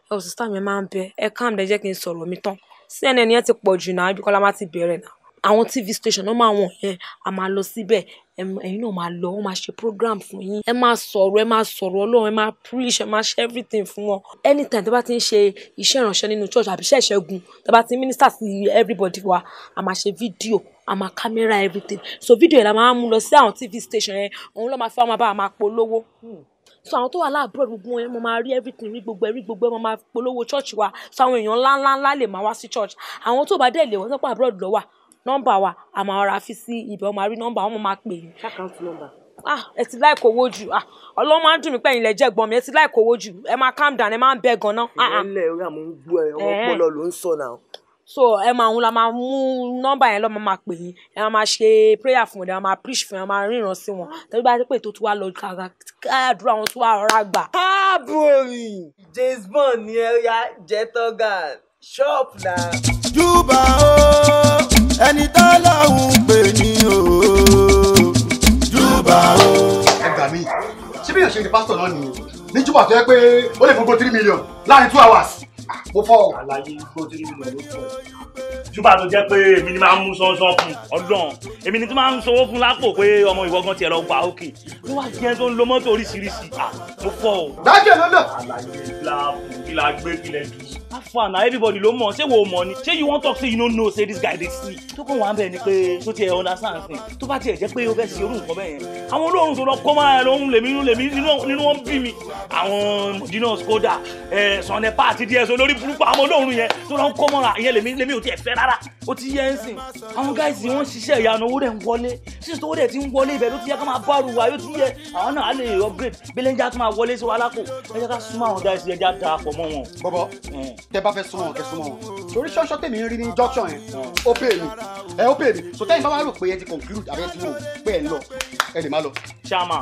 ẹ ò sísá mi máa ń bẹ ẹ káàmù ẹ jẹ́ kí n sọ̀rọ̀ mi tán cnn yẹn ti pọ̀ jù náà ibi kọ́lá má ti bẹ̀rẹ̀ náà àwọn TV station náà máa wọ̀n yẹn a máa lọ síbẹ̀ ẹ̀yin náà máa lọ wọ́n máa ṣe program fún yín ẹ máa sọ̀rọ̀ ẹ máa sọ̀rọ̀ ọlọ́run ẹ máa preach ẹ máa ṣe everything fún wọn anytime tó bá ti ń ṣe iṣẹ́ ìránṣẹ́ nínú church àbí iṣẹ́ ìṣẹ́gun tó bá ti ń minister sí everybody wa a máa ṣe video a máa camera everything so video yẹn la máa mú lọ sí àwọn TV station yẹn òun ló máa fẹ́ wọn bá a máa polówó so àwọn tó wà láàbúrò gbogbo wọn mo máa rí everything rí gbogbo ẹ rí gbogbo ẹ mo máa polówó church wa so àwọn èèyàn ńláńlá lè máa wá sí church àwọn tó bá dẹ̀ lè wọ́n sọ́pọ̀ àbúrò lọ́wọ́ nọ́mbà wa a máa ra fi sí ibẹ̀ wọ́n máa rí nọ́mbà wọ́n máa pè yín. ah ẹ ti láì kówó jù ah ọlọ́run máa ń dùn mí pẹ̀yìn lẹ́jẹ̀ gbọ́n mi ẹ ti láì kówó jù ẹ máa calm down ẹ máa ń bẹ gan náà. Ah, ìrẹ́lẹ̀ ah. orí àmọ́ ń gbọ́ ẹ ọpọlọ ló ń sọ náà so ẹ máa ń la máa mú nọ́mbà yẹn lọ máa pè yín ẹ máa ṣe prayer fún wọn ẹ máa preach fún wọn ẹ máa ríran sí wọn tẹbí bá ti pè tó tún wá lọ kàkà àdúrà wọn tún wá rọra gbà. káàbùrì James Bond ní ẹ̀yà jẹ́tọ́gà ẹni tó lọ́hùn pè ní o júbà o. ẹ gbà mí ṣé bí ìyànṣẹ́ ni pásítọ̀ náà nìyí ní júbà tó yẹ pé ó lè fún go three million láàrin two hours. Ah, mo fọ àlàyé go three million ló fọ ṣùgbọ́n àti jẹ́ pé èmi ni máa ń mú sánsan fún ọdún èmi ni tí máa ń sanwó fún lápò pé ọmọ ìwọ gan tiẹ̀ lọ wà ókè ló wá jẹ́ tó ń lo mọ́tò oríṣiríṣi mo fọ́ o. dájọ́ ló lọ. àlàyé ìlà ìlà gbé kílẹ̀ dùn. afa na everybody ló mọ̀ ṣé wo mọ̀ ni ṣé you wan talk say you no know say this guy dey sleep tó kàn wá bẹ́ẹ̀ ni pé tó tiẹ̀ understand sí tó bá tiẹ̀ jẹ́ pé o fẹ́ ṣe irú nǹkan bẹ́ẹ̀ yẹn àwọn olóòrùn tó lọ kọ́ máa ló ń lèmi lèmi nínú wọn bí mi àwọn mọ̀dínà skoda ẹ̀ eh, sọ̀nẹ́pà àti díẹ̀ sọ lórí burúkú àwọn olóòrùn yẹn tó lọ kọ́ mọ́ra ìyẹn lèmi lèmi ò tiẹ̀ fẹ́ rárá rárá ó ti yẹ ẹ́ sìn àwọn gáàsì wọn ṣiṣẹ́ ìyanu owó rẹ̀ ń wọlé ṣíṣe owó rẹ̀ ti ń wọlé ibẹ̀ ló ti yẹ ká máa bá àrùwà yóò tún yẹ àwọn náà á lè upgrade belenja tún máa wọlé sí wa lákò ẹ jẹ́ ká súnmọ́ àwọn gáàsì ẹ jẹ́ á darapọ̀ mọ́ wọn. bọ́bọ́ tẹ bá fẹ́ súnmọ́ wọn kẹ súnmọ́ wọn torí ṣọ́ṣọ́ tèmi ń rí ní junction yẹn ó pè mí ẹ ó pè mí so tẹ́yìn bá wà rò pé ẹ ti conclude àbẹ́ tí mo pé ẹ lọ ẹ lè má lọ. ṣáàmà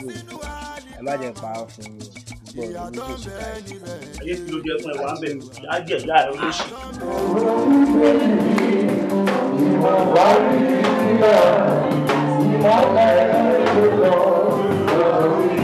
sí o ẹ má jẹ́ pa fún mi o gbọ́ ọ ní tó ṣe ká. ayé tí ló jẹ fún ẹwà ń bẹ á jẹ ìyá rẹ olóṣì. ìwà wà ní ìlà ìmọ̀lẹ́ ló lọ lórí.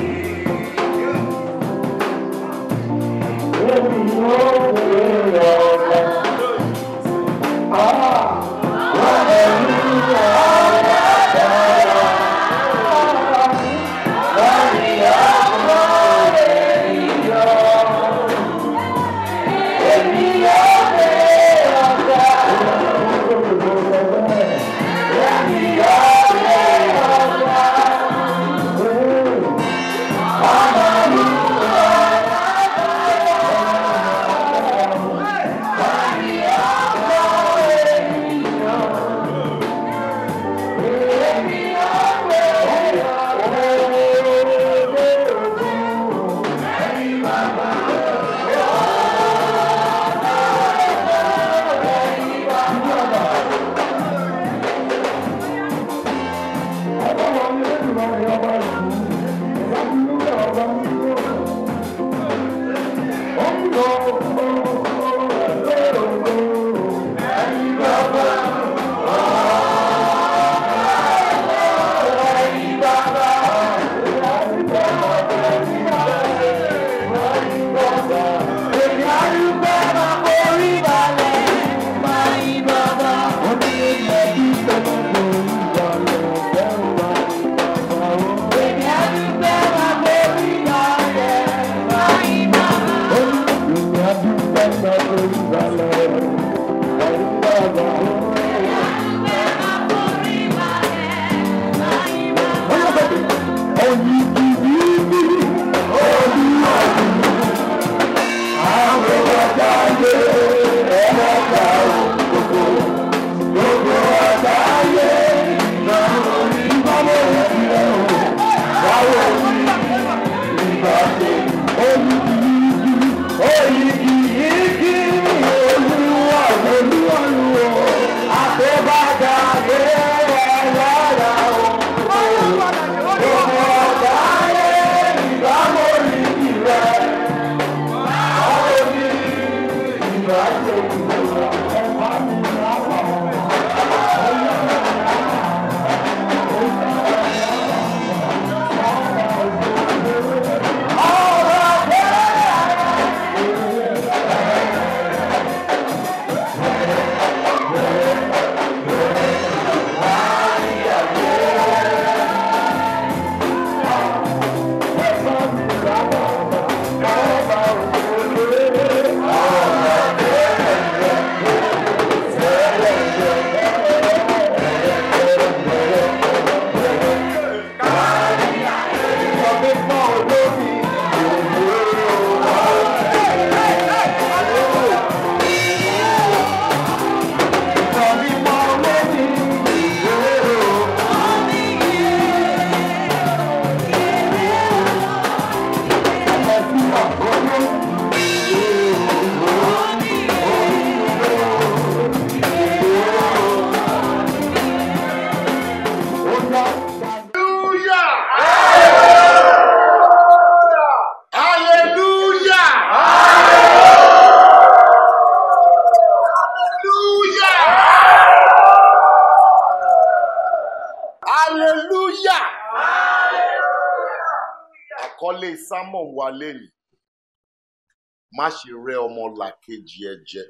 ṣe rẹ ọmọ làkejì ẹ jẹ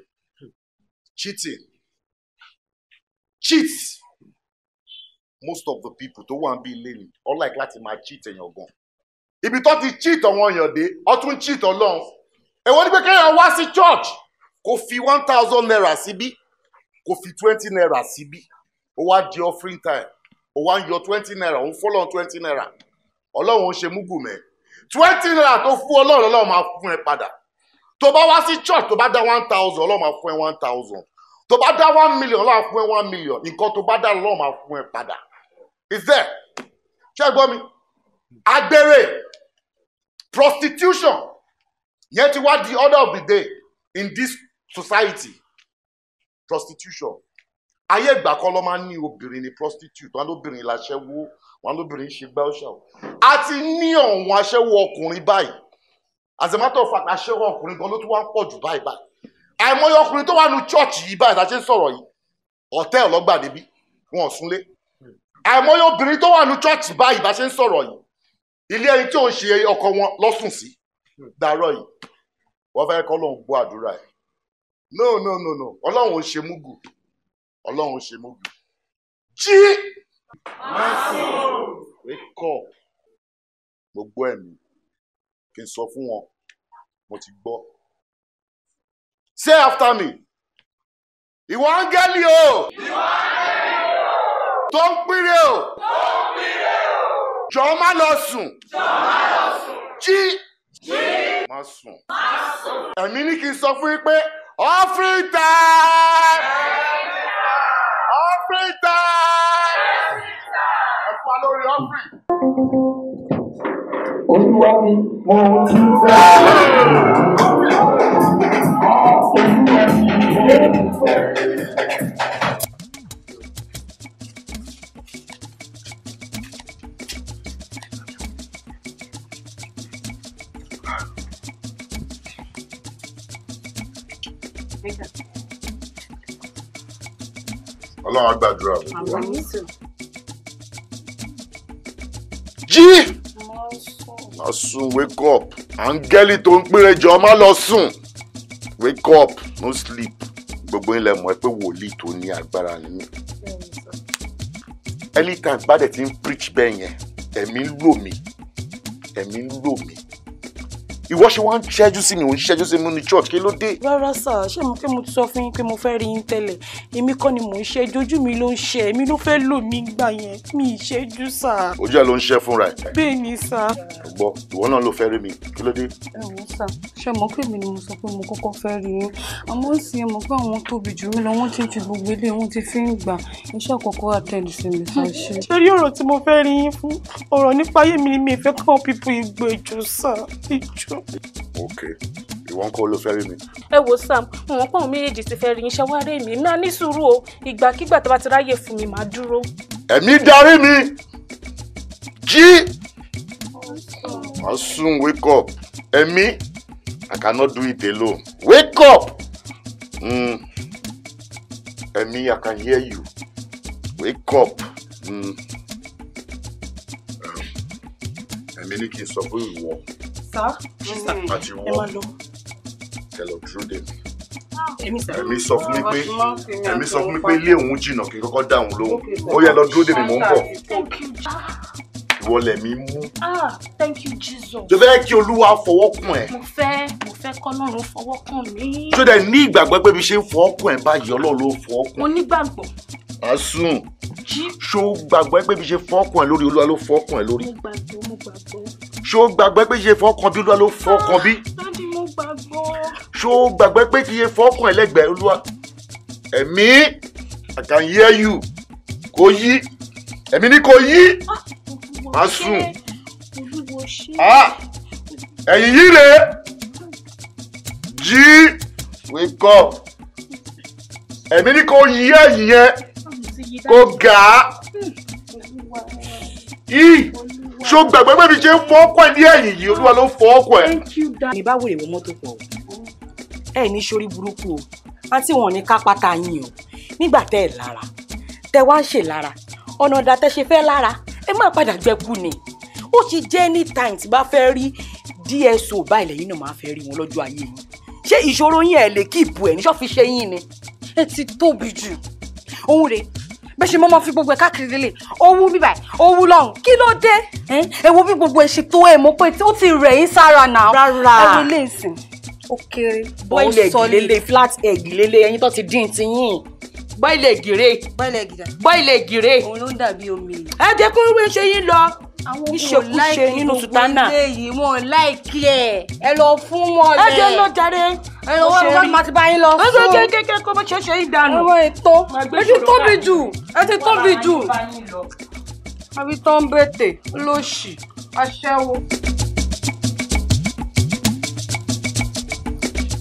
cheating cheat most of the people tó wà ń bí ilé ni unlike láti máa cheat èèyàn gan ibi tó ti cheat àwọn èèyàn dé ó tún cheat Ọlọ́run èwo ni pé kéèyàn wá sí church kò fi one thousand naira síbí kò fi twenty naira síbí ó wá di offering time ó wá ń yọ twenty naira ó ń twenty naira ọlọ́run ó ṣe múgùmẹ́ twenty naira tó fún ọlọ́run ọlọ́run máa fún ẹ padà tó bá wá sí church tó bá dá one thousand ọlọ́run máa fún ẹ one thousand tó bá dá one million ọlọ́run máa fún ẹ one million nǹkan tó bá dá ọlọ́run máa fún ẹ padà is there ṣé ẹ gbọ́ mi agbèrè prostitution yẹn ti wá di order of the day in this society prostitution ayé ìgbà kan ló máa ń ní obìnrin ní prostitute wọn lóbìnrin láṣẹ́wó wọn lóbìnrin ṣe gbáṣà a ti ní ọ̀hún aṣẹ́wó ọkùnrin báyìí as a matter of fact aṣẹ́wó ọkùnrin gan ló tún wá ń pọ̀ jù báyìí báyìí àìmọye ọkùnrin tó wà nù chọ́ọ̀chì yìí báyìí láti sọ̀rọ̀ yìí hòtẹ́ẹ̀lì lọ́gbà níbí wọn ò súnlé àìmọye obìnrin tó wà nù chọ́ọ̀chì báyìí bá ṣe ń sọ̀rọ̀ yìí ilé ẹni tí ò ń ṣe ọkọ wọn lọ́sùn sí dàrọ yìí wọ́n fẹ́ kọ́ lóun gbọ́ àdúrà ẹ̀ no no no no ọlọ́run ò ṣe múgù ọlọ́run ò ṣe múgù jí. gbogbo ẹ̀mí kí n sọ fún wọn mo ti gbọ́. say after me ìwọ áńgẹ́lì o tó ń pínrẹ́ o jọ̀ọ́ má lọ sùn jí má sùn ẹ̀mí ní kí n sọ fún yín pé offering time offering time ẹ̀fọ́ lórí offering olúwa ni mo ti fẹ́. Ọlọ́run á gbàdúrà jí. mo sọ má sùn wake up Angeli, tó ń péré jọ má lọ sùn wake up no sleep gbogbo yín lẹ mọ̀ ẹ pé wòlíì tó ní agbára ni mí anytime bá dẹ̀ ti ń preach bẹ́ẹ̀ yẹn ẹ̀mí lò mí ẹ̀mí lò mí ìwọ ṣe wá ń ṣẹ́jú sí mi ò ń ṣẹ́jú sí mi ní church kí ló dé. rárá sà ṣé mo pé mo ti sọ fún yín pé mo fẹ́ rí yín tẹ́lẹ̀ èmi kọ́ ni mò ń ṣẹ́jú ojú mi ló ń ṣe èmi ló fẹ́ lò mí gbà yẹn mi ì ṣẹ́jú sà. ojú ẹ ló ń ṣe fúnra ẹ. bẹ́ẹ̀ ni sà. gbọ́ ìwọ náà ló fẹ́ rí mi kí ló dé. ẹ̀wọ̀n sà ṣe mọ̀ pé mi ni mo sọ pé mo kọ́kọ́ fẹ́ rí yín àmọ́ sì ẹ mọ̀ pé àwọn tóbi jù mí lọ wọ́n ti ju gbogbo ilé wọ́n ti fi ń gbà iṣẹ́ tán. ok ìwọ ń kọ́ ló fẹ́ rí mi. ẹ wo sam wọn pọ̀ méjèèjì ti fẹ́ rí iṣẹ́ wá rí mi náà ní sùúrù o ìgbàkigbà tó bá ti ráyè fún mi màá dúró. ẹ̀mí darí mi jí I'll soon wake up ẹ̀mí I cannot do it alone wake up mm. I can hear you wake up. Mm. ẹ̀mí ní kí n sọ fún ìwọ sá. Hmm. ẹ máa lọ. ẹ lọ dúró dè ah. sọ fún mi pé ẹ̀mí sọ fún mi pé ilé òun jìnnà kí n kọ́kọ́ dá òun lóhùn ó yẹ lọ dúró dè mò ń bọ̀. ìwọ lẹ̀mí mú. Ah, tó fẹ́ kí olúwa fọwọ́ kún ẹ. mo fẹ́ mo fẹ́ kọ́lọ́run fọwọ́ kún mi. tó dẹ̀ ní ìgbàgbọ́ pé mi ṣe ń fọwọ́ kún ẹ báyìí ọlọ́run ló fọwọ́ kún. mo nígbàgbọ́. àsùn ṣó gbàgbọ́ pé mi ṣe fọ́ọ̀kùn ẹ̀ lórí olúwa ló fọ́ọ̀kùn ẹ̀ lórí. mo gbàgbọ́ mo gbàgbọ́ ṣó gbàgbé pé ṣe fọkàn bí olúwa ló fọkàn bí. Ah, dádì mo gbàgbọ́. ṣó gbàgbé pé kì í ṣe fọkàn ẹlẹ́gbẹ̀ẹ́ olúwa ẹ̀mí I can hear you kò yí ẹ̀mí ni kò yí ah, má sùn ah, ẹ̀yìn yìí rèé jí wake up ẹ̀mí ni kò yí ẹ̀yìn yẹn kò gà á. Hmm, ṣó gbàgbé pé mi ṣe ń fọ́ ọkọ̀ ẹ̀ ní ẹ̀yìn yìí olúwa ló fọ́ ọkọ̀ ẹ̀. ní bá wèrè wọ mọ́tò pọ̀ ẹ ní sórí burúkú o àti wọn ní kápátá yín o nígbà tẹ́ ẹ̀ lára tẹ́ wá ń ṣe lára ọ̀nà ọ̀dà ṣe fẹ́ lára ẹ má padà gbẹ́kú ni ó ti jẹ́ any time tí bá fẹ́ rí dso báyìí lẹ́yìn náà máa fẹ́ rí wọn lọ́jọ́ ayé yìí ṣé ìṣòro yín ẹ̀ lè kíìpù ẹ̀ níṣọ́ fi ṣe yín ni ẹ ti tóbi jù òun rèé bẹ́ẹ̀ ṣe mo máa fi gbogbo ẹ̀ káàkiri lélẹ̀ owú bíbà owú lọ́hùn kí ló dé ẹ wo bí gbogbo ẹ̀ ṣe tó ẹ̀ mọ́ pé ó ti rẹ̀ yín sára náà rárá ẹ lè sìn ó kéré bọ́ọ̀lù ẹ̀gì lélẹ̀ flat ẹ̀gì lélẹ̀ ẹyin tó ti dín tiyín bọ́ìlẹ̀ gírè bọ́ìlẹ̀ gírè. òun ló ń dàbí omi. ẹ jẹ́ kó wé ṣe yín lọ ìṣekúṣe nínú sùtánà. àwọn ọmọ yìí wọn láìkí ẹ ẹ lọ fún wọn lẹ. ẹ jẹ́ lọ jàre. ẹ lọ wọ́n wọ́n máa ti bá yín lọ fún. ẹ jẹ́ jẹ́ kékeré kó bó ṣe ṣe ìdànù. ọmọ ètò ẹ ti tóbi jù ẹ ti tóbi jù. àbí tó ń bètè lóṣì aṣẹ́wó.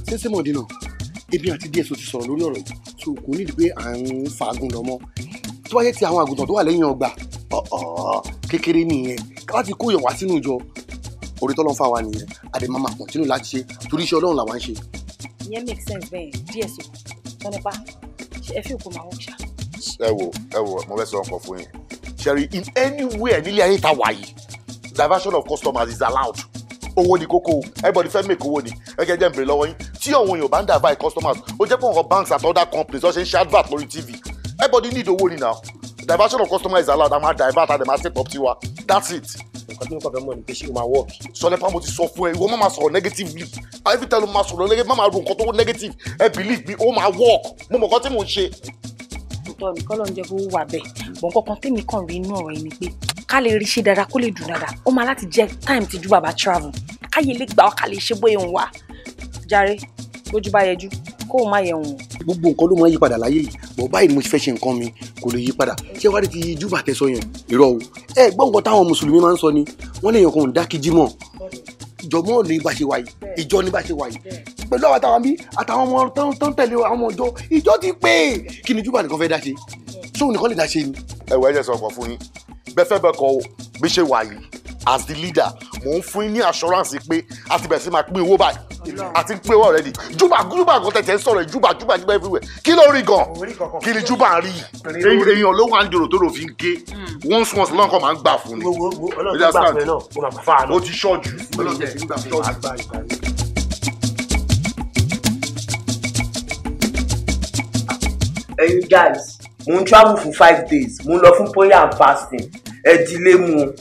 sísè mọ̀dínà èmi àti díẹ̀ sọ ti sọ̀rọ̀ lórí ọ̀rọ̀ yìí so kò nídìí pé à ń fàágùn lọ mọ́ tó bá yẹ ti àwọn àgùntàn tó wà lẹ́yìn ọgbà kékeré nìyẹn káwá ti kó yàn wá sínú ìjọ orí tọ́lọ́ fà wá nìyẹn àdè máa máa continue láti ṣe torí iṣẹ́ ọlọ́run làwọn ń ṣe. ìyẹn make sense bẹ́ẹ̀ díẹ̀ sí tọ́nípa ẹ fi òkú màá wọ́n ṣá. ẹ wo ẹ wo mo fẹ́ sọ nǹkan fún yín ṣẹ́rí in anywhere nílé ayé ta wà yìí diversion of customers is allowed owó ni kókó o everybody fẹ́ make owó ni ẹgẹ jẹ́ nbẹ̀rẹ̀ lọ́wọ́ yín tí àwọn èèyàn bá ń dàbà customers ó jẹ́ pé àwọn banks àti other companies ọ̀ ṣe ń ṣe advert lórí tv everybody need owó ni now diversion of customer is allowed àmà divert àdèmà step up tiwa that's it. nǹkan tí mo kàn fẹ́ mọ̀ ni pé ṣé o máa work. sọlẹ pa mo ti sọ fún ẹ ìwọ má máa sọ̀rọ̀ negatively every time o máa sọ̀rọ̀ negative má máa ro nǹkan tó negative ẹ believe me o máa work mo mọ̀ nǹkan tí mo ń ṣe. òótọ́ mi kọ́ ló ń jẹ́ kó wà bẹ́ẹ̀ bọ̀ǹkọ̀kan tèmi kàn rí inú ọ̀rọ̀ yìí ni pé ká lè rí ṣe dára kó lè dùn dára ó máa láti jẹ́ time tí ju bàbá travel káyè lè gbà ọ́ ká lè ṣe bóyá ń wá jàre lójú bá yẹjú kó o má yẹ òun. gbogbo nǹkan ló máa ń yí padà láyé yìí bọ̀ báyìí mo ti fẹ́ ṣe nǹkan mi kò lè yí padà ṣé wàá rí ti júbà tẹ sọ yẹn irọ́ o ẹ gbọ́ táwọn mùsùlùmí máa ń sọ ni wọ́n lè yàn kó ń dákíjí mọ̀ ìjọmọ́ ní bá ṣe wà yìí ìjọ ní bá ṣe wà pẹ̀lú àwọn àtàwọn bí àtàwọn ọmọ tán tẹ̀lé àwọn ọmọ ọjọ́ ìjọ ti pé kí ni júbà nìkan fẹ́ dá ṣe sóun nìkan lè dá ṣe ni. ẹ wọ ẹ jẹ́ sọ ọkọ fún yín bẹ́ẹ̀ fẹ́ bẹ́ẹ̀ kọ́ bí ṣe wà yìí as the leader mò ń fún yín ní assurance pé a ti bẹ̀rẹ̀ sí máa pín owó báyìí a ti pín owó already júbà júbà kan tẹ̀tẹ̀ ń sọ̀rọ̀ júbà júbà júbà everywhere kí ló rí gan kí ni júbà rí èèyàn ló wà ń dòrò tó lò fi ń gé hmm. once once lọ́n kan máa ń gbà fún ni ó ti ṣọ́ọ̀jù ẹ̀yin guys mo ń travel for five days mo ń lọ fún prayer and fasting ẹ dilé mu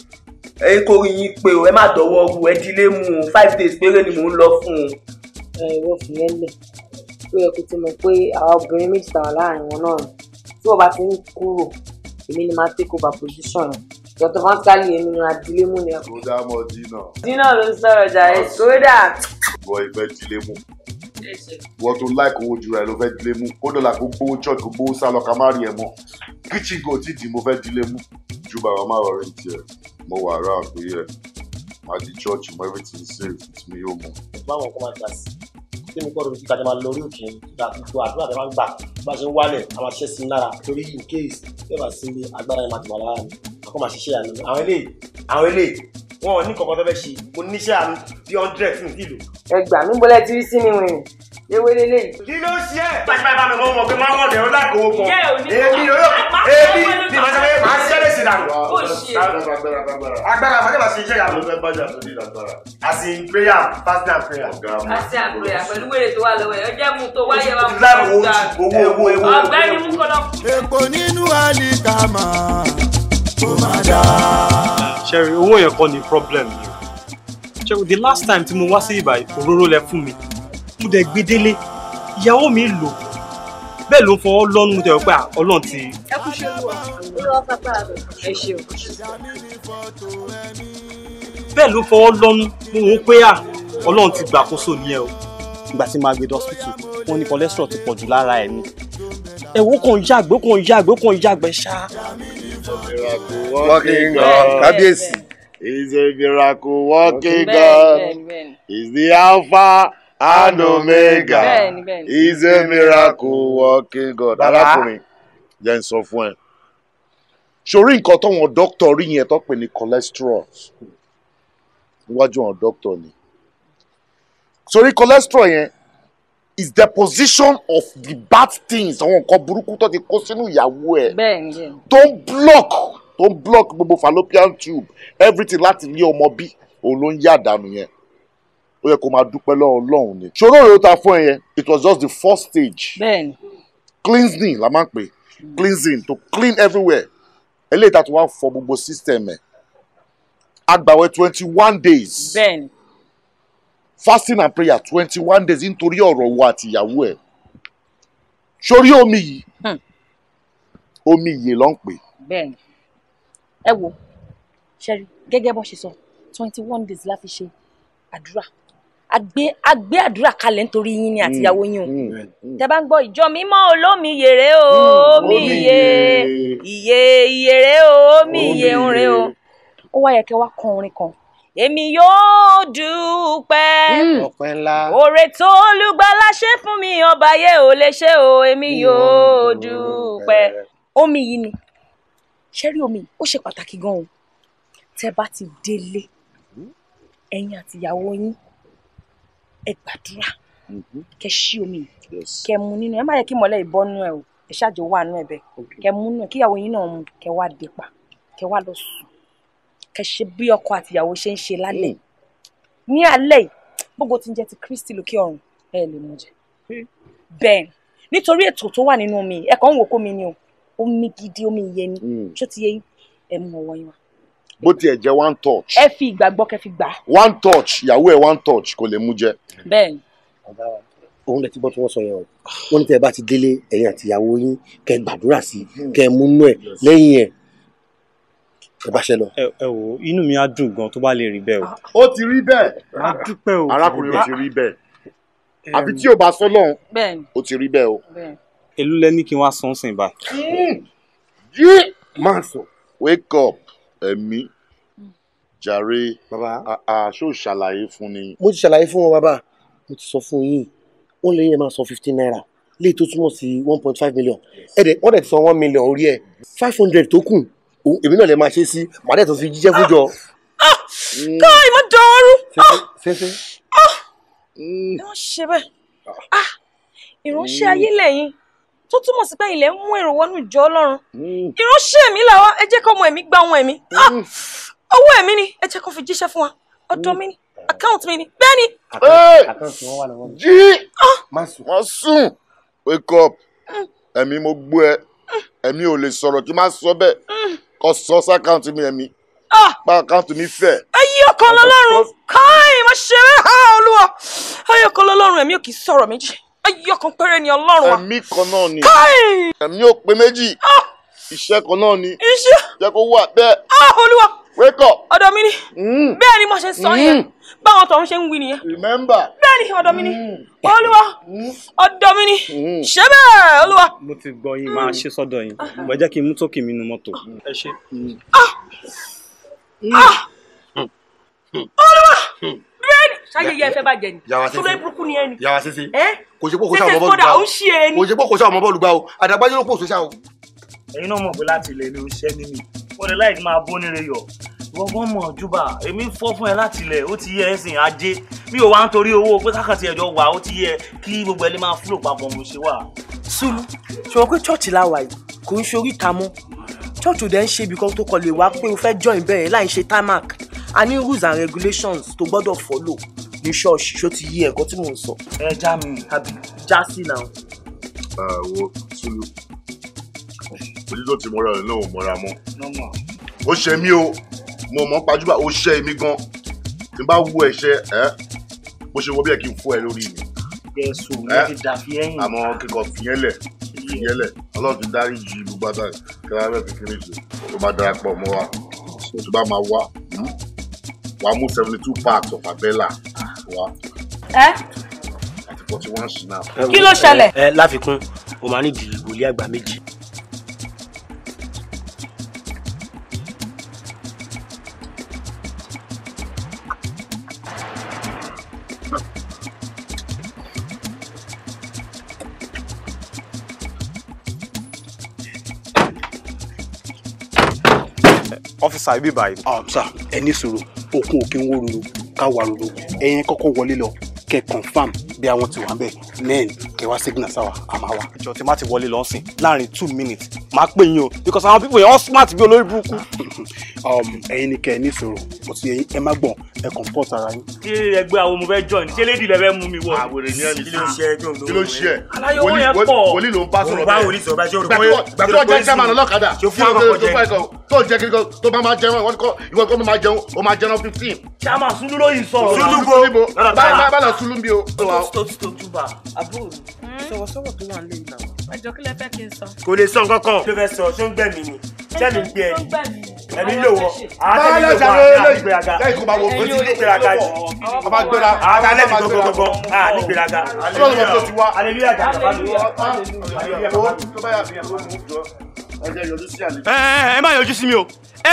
ẹ kó yín pé o ẹ má dọwọ́ ru ẹ mu five days péré ni mo ń lọ fún un. ẹ ẹ wọ́n fi yẹn lẹ̀ ó yẹ kó ti mọ̀ pé àwa obìnrin méjì tàwa láàrin wọn náà tí wọ́n bá ti ń kúrò èmi ni máa take over position yẹn dr fankali èmi ni máa mu ni. kódà mọ dínà. dínà ló ń sọ̀rọ̀ jàre kódà. ìwọ ìfẹ́ dilé mu wọ́n tó láìkó owó jura ẹ̀ ló fẹ́ dilé mú kó dọ̀là kó gbówó church kó gbówó sálọ ká má rí ẹ̀ mọ́ kíchìn kò tí dì mo fẹ́ dilé mú ju bàbá má rọrí tiẹ̀ mo wà rà pé má di church mo everything safe with me ó mọ̀. báwọn kò máa ta sí tẹ́mi kọ́ lórí kíkà tí a máa òkè nígbà gbogbo àdúrà tí a gbà bá ṣe ń wálẹ̀ a máa ṣiṣẹ́ sí i torí in case bẹ́ẹ̀ bá sí ilé agbára yẹn máa tìmọ̀ lára mi àkọ́ máa ṣiṣẹ́ àná àwọn eléyìí àwọn eléyìí wọn ò ní kọ̀ọ̀kan tó ṣe mo níṣẹ́ àmì bí hundred fún ìlú. ẹ gbà mí bọ́lẹ̀ tí sí mi wìn ewé lélẹ̀ kí ló ṣe é. bájú bájú bá mi mọ́ mọ́ pé máa ń wọ̀n iṣẹ́ dànù. ó ṣe oh, agbára bàjẹ́ bá ṣe iṣẹ́ yàtọ̀. ló fẹ́ bàjẹ́ àtúndì lágbára. as in and prayer. fasting and prayer pẹ̀lú wèrè tó wà lọ́wọ́ ẹ̀ ọjọ́ mu tó wáyé wa mú ká owó owó owó. ọ̀gbẹ́ni mú kọ́lọ́. èkó nínú àlìkàmà ó máa dá. sẹ́rí owó yẹn kọ́ ni problem yìí sẹ́rí the last time tí mo wá sí ìbàdàn òróró lẹ fún mi mo dẹ̀ gbé délé ìyàwó mi lò bẹ́ẹ̀ ló ń fọwọ́ tẹ̀ pé ah, ọlọ́run ti. ẹ kú ṣe olúwa olúwa pápá rẹ ẹ ṣe o. bẹ́ẹ̀ ló ń fọwọ́ mo wò ó pé ah, ọlọ́run ti gbàkóso nìyẹn o. ìgbà tí màá gbé dé wọn ní cholesterol ti pọ̀ jù lára ẹ̀ mi ẹ̀wọ́ kan yàgbẹ́ kan yàgbẹ́ kan yàgbẹ́ ṣá. working God kábíyèsí is a miracle working God is the alpha and omega is a miracle working God arákùnrin yẹn ń sọ fún ẹ sórí nǹkan tọ́wọn dókítà rí yẹn tó pè ní cholesterol níwájú àwọn dókítà ni sórí cholesterol yẹn is deposition of the bad things àwọn nǹkan burúkú tó ti kó sínú ìyàwó ẹ tó ń block tó ń block gbogbo fallopian tube everything láti lé ọmọ bí òun ló ń yá àdánù yẹn ó yẹ kó máa dúpẹ́ lọ́wọ́ Ọlọ́run ni. ṣòro òyò ta fún ẹ yẹn it was just the first stage. bẹ́ẹ̀ni. cleansing la máa ń pè cleansing to clean everywhere eléyìí tá a tún wá fọ gbogbo system ẹ̀ agbàwẹ̀ twenty one days. bẹ́ẹ̀ni. fasting and prayer twenty one days nítorí ọ̀rọ̀ wo àti ìyàwó ẹ̀ sórí omi yìí hmm. omi yìí ló ń pè. bẹ́ẹ̀ni ẹ wo ṣe gẹ́gẹ́ bó ṣe sọ twenty one days la fi ṣe àdúrà Agbe, àdúrà kalẹ̀ nítorí yín ni àtìyàwó yín o mm, mm, mm. tẹ bá ń gbọ́ ìjọ mímọ́ olómi yèrè o omi iye iye yèrè o omi iye ń o ó wá yẹ kẹ wá kọ orin kan èmi yóò dúpẹ́ oore tó olùgbàlà ṣe fún mi ọba yẹ ò lè ṣe o èmi yóò dúpẹ́ omi yìí ni ṣẹ́rí omi ó ṣe pàtàkì gan-an tẹ bá ti délé ẹ̀yin àtìyàwó yín ẹ gbàdúrà mm-hmm. kẹ ṣí omi kẹ mu nínú ẹ má yẹ kí mọlẹ ìbọnú ẹ o ẹ ṣáàjò wà nù ẹ kẹ mu nù kíyàwó yín náà mu kẹ wá dé kẹ wá lọ sùn kẹ ṣe bí ọkọ àtìyàwó ṣe ń ṣe lálẹ́ mm. ní alẹ́ gbogbo tí ń jẹ ti Kristi lókè ọ̀run ẹ lè mú jẹ mm. bẹ́ẹ̀ nítorí ètò tó wà nínú omi ẹ kàn ń wò kó mi ni o omi gidi omi ìyẹn ni mm. ṣó ti yẹ ẹ mú ọwọ́ yín wá bó tiẹ̀ jẹ́ one touch. ẹ fi ìgbàgbọ́ kẹ́ fi gbà. one touch ìyàwó ẹ one touch kò lè mú jẹ. bẹ́ẹ̀ni. òun lè ti bọ́ tí wọ́n sọ yẹn o wọ́n ní tẹ́ ẹ bá ti délé ẹ̀yin àti ìyàwó yín kẹ́ ẹ gbàdúrà sí hmm. kẹ́ ẹ múnú ẹ lẹ́yìn ẹ̀ ẹ bá ṣe lọ. ẹ wò inú mi á dùn gan tó bá lè rí bẹ́ẹ̀ o. ó ti rí bẹ́ẹ̀. a dúpẹ́ o. arákùnrin ò ti rí bẹ́ẹ̀ àbí tí o bá sọ lọ́hùn o ti rí bẹ́ẹ̀ o. èlú lẹ́ni kí n wá sọ́nsìn bá. yí máa wake up ẹ̀mí jàre àṣọ ṣàlàyé fún ni. mo ti ṣàlàyé fún wọn bàbá mo ti sọ fún yín wọn lè yẹn máa sọ fifteen naira lè tó túmọ̀ sí one point five million ẹ̀dẹ̀ wọ́n dẹ̀ ti san one million orí ẹ̀ five hundred tó kù èmi náà lè máa ṣe sí màá dẹ̀ tó fi jíjẹ́ fújọ. Ah! Ah! Mm. káì má dọ̀ọ́rù. fẹ́fẹ́. Ah! Mm. ẹ wọ́n ṣe bẹ́ẹ̀ ìránṣẹ́ mm. ayé lẹ́yìn tó túmọ̀ sí pé ilẹ̀ ń mú èrò wọnú ìjọ ọlọ́run ìránṣẹ́ mi làwọn ẹ jẹ́ kọ́ ọmọ ẹ̀mí gbá ọmọ ẹ̀mí owó ẹ̀mí ni ẹ jẹ́ kó fi jíṣẹ́ fún wa ọ̀dọ̀ mi ni account mi ni bẹ́ẹ̀ ni. jí ah! má sùn wake up ẹ̀mí mo gbọ́ ẹ ẹ̀mí ò lè sọ̀rọ̀ kí má sọ bẹ́ẹ̀ kó sọ sí account mi ẹ̀mí pa ah! account mi fẹ́. ayé ọkọ lọ́lọ́run káì má ṣe é ha olúwa ayé ọkọ lọ́lọ́run ẹ̀mí ò kì í sọ̀rọ̀ méjì ayé ọkàn péré ni ọlọ́run wa. ẹ̀mí kan náà ni ẹ̀mí ò pé méjì ah! iṣẹ́ kan náà ni jẹ́ kó wà bẹ́ẹ̀. olúwa wake up. ọ̀dọ̀ mi ni mm. bẹ́ẹ̀ ni mo ṣe sọ yẹn mm. báwọn tọ̀hún ṣe ń wí nìyẹn. remember. bẹ́ẹ̀ ni ọ̀dọ̀ mi ni mm. olúwa ọ̀dọ̀ mi ni ṣé bẹ́ẹ̀ olúwa. mo ti gbọ́ yín máa ṣe sọ́dọ̀ yín mo jẹ́ kí n mú tókì mi nu mọ́tò. ẹ ṣe. Ah. Ah. olúwa bẹ́ẹ̀ ni ṣáyẹyẹ ẹfẹ bàjẹ́ ni ṣúlẹ̀ burúkú ni ẹni. yàrá sisi kò ṣe pé kò ṣe àwọn ọmọ bọ́ọ̀lù gbà o kò ṣe pé kò ṣe àwọn ọmọ bọ́ọ̀lù gbà o àdàgbàjọ́ ló pò sóṣà o. ẹ̀yin náà mọ̀ pé láti ilẹ̀ ni o ṣẹ́ nínú wọ́n lè láìsí máa bó níre yọ̀ wọ́n gbọ́n mọ̀ júbà èmi fọ́ fún ẹ láti ilẹ̀ ó ti yẹ ẹ ajé mi ò wá ń torí owó pé sákàtì ẹ̀jọ̀ wà ó ti yẹ kí gbogbo ẹ máa fúlò papọ̀ mo ṣe wà. Sùlù ṣòro pé chọ́ọ̀chì la wà yìí kò ń ṣe oríta mọ́ chọ́ọ̀chì ò dẹ̀ ń ṣe ibi kan tó kọ lè wá pé o fẹ́ join bẹ́ẹ̀ láì ṣe tarmac a ní rules and regulations tó gbọ́dọ̀ follow ní ṣọ́ọ̀ṣì ṣó ti yí ẹ̀kọ́ tí mò ń sọ. ẹ já mi tàbí já sí náà. àwọn Sùlù torí ló ti mọ́ra rẹ̀ náà ò mọ́ra mọ́. ó ṣe mí o mo mọ̀ pàjùbà ó ṣe mí gan tí bá wú ẹ̀ṣẹ̀ ẹ́ bó ṣe wọ bí ẹ̀ kí n fọ́ ẹ lórí mi. gẹ̀ẹ́sù mi ti dà fi ẹ̀yìn. kíkọ fìyẹn lẹ̀ fìyẹn ti dárí ju ìlú bàtà kíláàbẹ̀ kékeré jù tó bá darapọ̀ mọ́ wa tó bá máa wá hmm? wàá mú seventy two packs of abẹ́là wá. ẹ àti forty one snap. kí ló ṣẹlẹ̀. ẹ láfikún o máa ní ìdìbò ilé àgbà méjì. sá ibi báyìí. ọ̀sà ẹni sòrò okun òkè ń wó ruru ká wà ruru ẹ̀yin kọ́kọ́ wọlé lọ kẹ́ confam bí àwọn ti wà ń bẹ̀ then kẹwàá signal sáwà àmà wa. ìjọ tí má ti wọlé lọ sìn láàrin two minutes máa pè yín o because àwọn people yẹn all smart bí olórí burúkú. Um, ẹ̀yin ni kẹ ẹ níṣòro kò sí ẹ̀yin ẹ má gbọ̀n ẹ comport ara yín. kí ẹgbẹ́ àwọn ọmọ fẹ́ join ṣé lédi lẹ fẹ́ mú mi wọ. àwòrán ni ẹni kí ló ṣe ẹ wòlíì ló ń bá sọ̀rọ̀ bẹ́ẹ̀ gbàgbọ́ jẹ́ sẹ́mà lọ́kadà tó jẹ́ kí tó bá máa jẹun ìwọ kọ́ máa jẹun ó máa jẹun fifteen. sábà sulu ló yin sọ̀rọ̀. sulu bo báyìí bá lọ sulu bí o tòtútòtúbà àbúrò mi hmm? sọ̀rọ̀sọ̀rọ̀ tó wà nílé ìlànà. ọjọ́ kí lẹ fẹ́ kí n sọ. kò lè sọ nǹkan kan. kí fẹ́ sọ ṣó ń gbẹ̀mí ni sẹ́mi ń gbé ẹni ẹ̀mí ló wọ àátẹ́mi ló wọ àátẹ́mi gbéraga kó bá wọ bó ah, ti gbéraga jù ọba gbéra àátẹ́mi tó gbogbo à ní gbéraga aleluya aleluya aleluya aleluya ẹ má yọjú sí mi o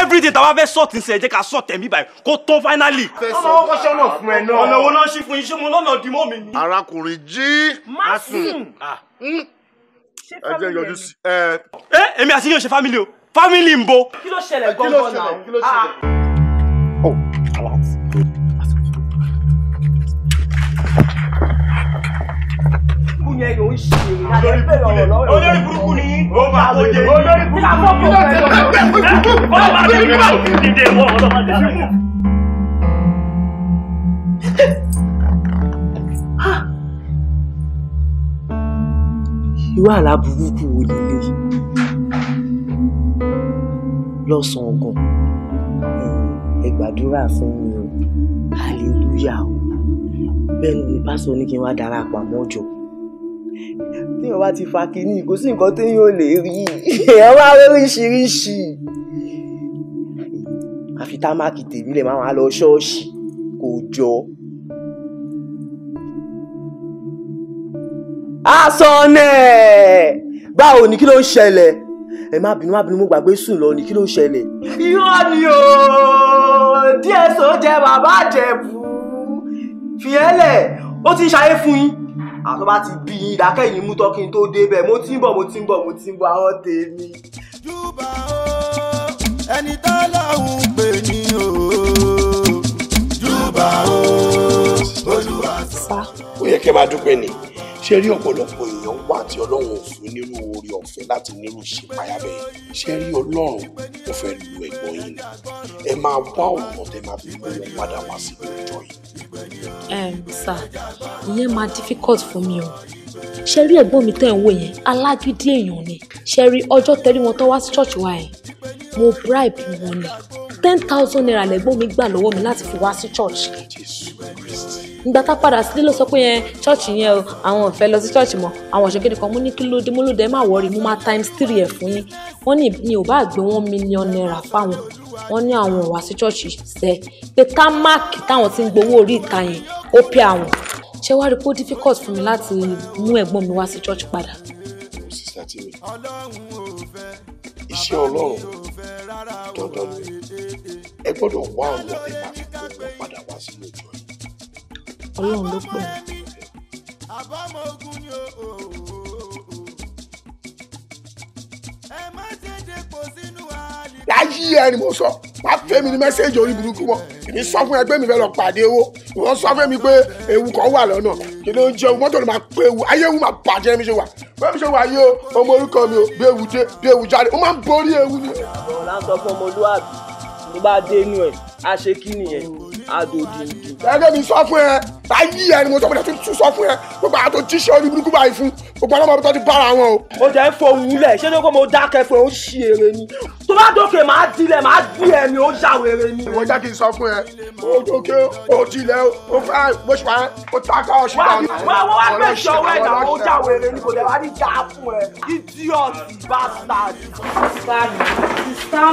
everyday tàwa fẹ́ sọ̀tì sẹ̀ jẹ́ ká sọ̀tẹ̀ mi báyìí kó tán finally. ọ̀nà owó kan ṣọ́nà fún ẹ náà. ọ̀nà owó náà ṣì fún iṣẹ́ mu lọ́nà dìmọ́ mi ni. arákùnrin jí. má sùn. ẹ jẹ́ yọjú sí. ẹ èmi àti yín ò ṣe family o family ń bo. kí ló ṣẹlẹ̀ gbọ́ngàn náà. kí ló ṣẹlẹ̀ kí ló ṣẹlẹ̀. yẹn yóò ṣe olórí burúkú ni olórí burúkú ni ó máa lọ́sàn-án gan fún mi o hallelujah bẹ́ẹ̀ ni pásítọ̀ ní kí n wá darapọ̀ mọ́jọ́ téèyàn bá ti fa kínní kò sí nǹkan téèyàn ò lè rí èèyàn máa rí oríṣiríṣi àfi támákì tèmi lè máa wá lọ ṣọ́ọ̀ṣì kò jọ. asọ̀nẹ̀ báwo ni kí ló ń ṣẹlẹ̀ ẹ má bínú má bínú mo gbàgbé sùn lọ ni kí ló ń ṣẹlẹ̀. irọ́ ni o díẹ̀ sọ jẹ bàbá àjẹ̀bù fìyẹ́lẹ̀ ó ti ṣayé fún yín àtọ́ ah, bá ti bí ìdákẹ́yìn mú tọ́kí tó débẹ̀ mo ti ń bọ̀ mo ti ń bọ̀ mo ti ń bọ̀ àwọn tèmi. júbà o ẹni tá láwùn pè ní o júbà o olúwa sọ. ó yẹ kí ẹ máa dúpẹ́ ni ṣé rí ọ̀pọ̀lọpọ̀ èèyàn wà tí ọlọ́run ò f ọ̀fẹ́ láti nírú ìṣípayá bẹ́ẹ̀ ṣe rí ọlọ́run ó fẹ́ lu ẹ̀gbọ́n yín ni ẹ máa wá ọ̀nà tẹ máa fi gbọ́dọ̀ padà wá sí ìjọ yìí. ẹ sà ìyẹn máa difficult fún mi o ṣe rí ẹ̀gbọ́n mi tẹ̀ ń wò yẹn alágídí èèyàn ni ṣe rí ọjọ́ tẹ́rí wọn tó wá sí ṣọ́ọ̀ṣì wa yẹn mo bribe wọn ni ten thousand naira lẹ́gbọ́n mi gbà lọ́wọ́ mi láti fi wá sí church ìgbà tá padà sílé ló sọ pé yẹn church yẹn o àwọn ò fẹ́ lọ sí church mọ́ àwọn ọ̀ṣọ́gẹ́dẹ́ kan mú ní kí ló dé mú ló dé má wọ́ọ̀rì mú má times three ẹ̀ fún yín wọ́n ní mi ò bá gbé wọn mílíọ̀n náírà fáwọn wọ́n ní àwọn ò wá sí church sẹ́ pé ká máàkì táwọn ti ń gbowó orí ìta yẹn ó pẹ́ àwọn ṣé wàá rí pé ó difficult fún mi láti mú ẹ̀gbọ́n mi wá sí church padà iṣẹ́ ọlọ́run dandan ni ẹ gbọ́dọ̀ wá ọ̀nà ìgbà tó padà wá sínú ìjọ yìí. ọlọ́run ló pè yíyẹ ni mo sọ wàá fẹ́ mi ní mẹ́sẹ̀gì orí burúkú mọ́ èmi sọ fún ẹgbẹ́ mi fẹ́ lọ pàdé owó wọ́n sọ fún mi pé ewu kan wà lọ́nà kí ló ń jẹun mọ́tò ló máa pé ewu ayé ewu máa bàjẹ́ mi ṣe wà bẹ́ẹ̀ mi ṣe wà yé o ọmọ orúkọ mi o bí ewu dé bí ewu jáde ó máa ń borí ewu ni. ọ̀la ń fún ọmọlúwàbí tó bá dé inú ẹ̀ á ṣe kí nìyẹn adodindi. gẹ́gẹ́ bí sọ fún ẹ ayé ẹ mo sọ fún tún sọ fún ẹ gbogbo àwọn tó jíṣẹ́ orí burúkú báyìí fún gbogbo àwọn ọmọ tó ti bára wọn o. mo jẹ́ fohùn ṣé ní kó mo dákẹ́ fún ẹ ó ṣì èrè ni tó bá dókè máa dilẹ̀ máa di ẹ̀ ni ó yà wèrè ni. ìwọ jẹ́ kí n sọ fún ẹ o dókè o dilẹ̀ o fẹ́ bó ṣe o ta ká ọṣù bá mi. wọ́n wá wá pè ṣọ́ náà ó yà wèrè ni kò lè wá ní dáa fún ẹ idiot bastard. sísá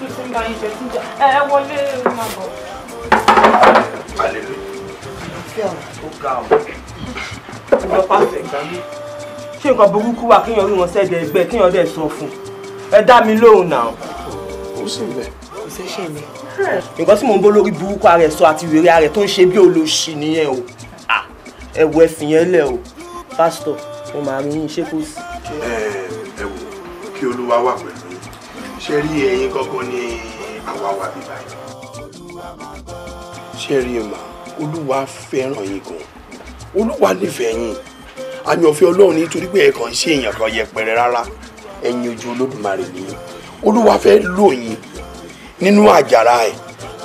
tún sí ń bá yín ṣe tún jà ẹ wọlé máa bọ̀. àlejò ó ga ọ ìjọ pàṣẹ ìgbàlú ṣé nǹkan burúkú wà kéèyàn rí wọn sẹ́dẹ̀ ẹgbẹ́ kéèyàn dẹ̀ sọ fún ẹ dá mi lóhùn náà. ó sì bẹ̀. kò sẹ́sẹ̀ mi. nǹkan tí mò ń bó lórí burúkú ara ẹ̀ sọ àti wèrè ara ẹ̀ tó ń ṣe bí olóṣì nìyẹn o ah, ẹ wọ ẹfìn yẹn lẹ o pásítọ̀ mo máa rí yín ṣé kò sí. Eh, ẹ ẹ wò kí olúwa wà pẹ̀lú. ṣe rí ẹ̀yin gọ́gọ́ ní àwáwá bíbá yìí ṣe rí mà olúwa fẹ́ràn yín gan olúwa nífẹ̀ẹ́ yín àyànfẹ́ ọlọ́run nítorí pé ẹ̀kan ń ṣe èèyàn kan yẹpẹrẹ rárá ẹ̀yin ojú olódùmarè ni olúwa fẹ́ lò yín nínú àjàrà ẹ̀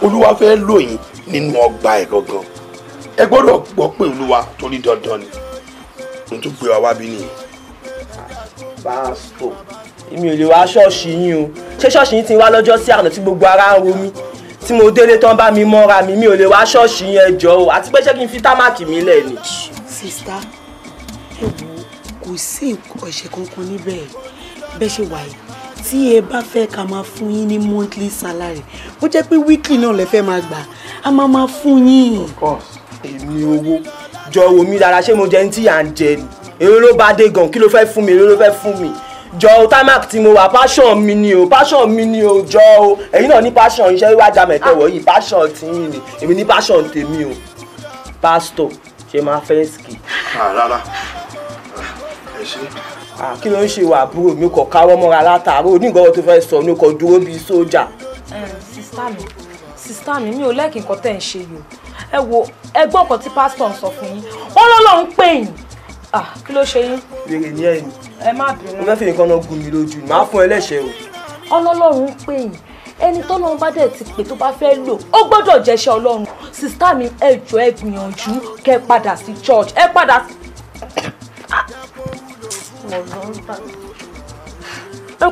olúwa fẹ́ lò yín nínú ọgbà ẹ̀ gangan ẹ gbọ́dọ̀ gbọ́ pé olúwa torí dandan ni mo tún gbé wa wábí nìyí. èmi ò lè wá ṣọ́ọ̀ṣì yín o ṣé ṣọ́ọ̀ṣì yín ti wá lọ́jọ́ sí àná tí gbogbo ara ń ro mí tí mo délé tán bá mi mọ́ra mi mi ò lè wá ṣọ́ọ̀ṣì yín ẹjọ́ o àti pé ṣé kí n fi támàkì mi lẹ̀ ni. sista ewu kò sí ọ̀sẹ̀ kankan níbẹ̀ bẹ́ẹ̀ ṣe wà yìí tí ẹ bá fẹ́ ká máa fún yín ní monthly salary ó jẹ́ pé weekly náà lè fẹ́ máa gbà á máa máa fún yín. of course èmi owó jọ omi lára ṣé mo jẹ ní tí à ń jẹ ni èrò ló bá dé gan kí ló fẹ́ fún mi èrò ló fẹ́ fún mi jọ o tamak tí mo wà passion mi ni o passion mi ni o jọ o ẹ̀yin náà ní passion iṣẹ́ wíwá jamẹ̀tẹ̀ wọ̀nyí passion ti yín ni èmi ní passion tèmi o pastor ṣe máa fẹ́ ski. rárá ẹ ṣe. kí ló ń ṣe wà àbúrò mi kò káwọ́ mọ́ra látàárọ̀ onígbọ́wọ́ tó fẹ́ sọ ní kò dúró bíi sójà. sista mi sista mi mi ò lẹ́kìn nǹkan tẹ̀ ń ṣe yìí o ẹ wo ẹgbọ́n kan tí pásítọ̀ ń sọ fún yín wọ́n lọ́lọ́run pè yín Ah, kí ló ṣe yín. wèrè ní ẹ̀yìn. ẹ má bínú. mo fẹ́ fi nǹkan náà gún mi lójú ni màá fún ẹ lẹ́sẹ̀ o. ọlọ́lọ́run pè yín ẹni tọ́lọ́run bá dẹ̀ ti pè tó bá fẹ́ lò ó gbọ́dọ̀ jẹ́ṣẹ́ ọlọ́run sista mi ẹ jọ̀ọ́ ẹ gbìyànjú kẹ́ padà sí church ẹ padà sí. ẹ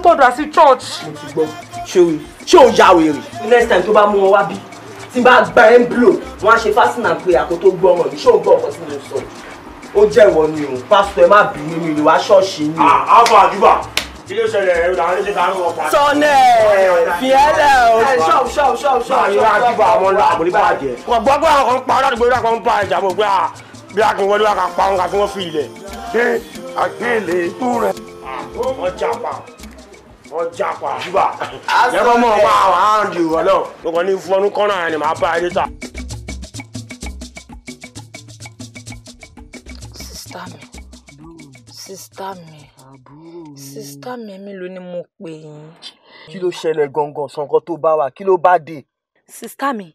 padà sí church. mo ti gbọ́ ṣé o ṣé o ya wèrè next time tó bá mú wọn wá bí tí bá gba ẹ́ ń blow wọn á ṣe fásitì náà pé àkótó gbọ́ ọ̀rọ̀ yìí ṣé o gbọ́ ọ̀pọ̀ sí sọ ó jẹ́ ìwọ ni o pásítọ̀ ẹ má bínú mi ìwà ṣọ́ọ̀ṣì ni. àbọ̀ àdúbà kí ló ṣẹlẹ̀ ẹ̀rọ làwọn ẹlẹ́ṣẹ̀ kan wọ̀ pa. sọ́nẹ̀ fìyẹ́lẹ̀ o. ṣọ́ọ̀bù ṣọ́ọ̀bù ṣọ́ọ̀bù ṣọ́ọ̀bù. àwọn àdúbà àwọn àbòrí bàjẹ́. wọ́n gbọ́ pé àwọn pa aládùúgbò ìlú àkọ́kọ́ pa ìjà mọ̀ pé ah, bí a kì wọlé wa kà pa òun kà wọ́n fi ilẹ̀. ṣé àgbélé tó rẹ̀. Ah, wọ́n jàpá wọ́n pa àwọn àrùn Sista mi, sista mi mélòó ni mo pè yín? Kí ló ṣẹlẹ̀ gangan sankan tó bá wà? Kí ló bá dé? Sista mi,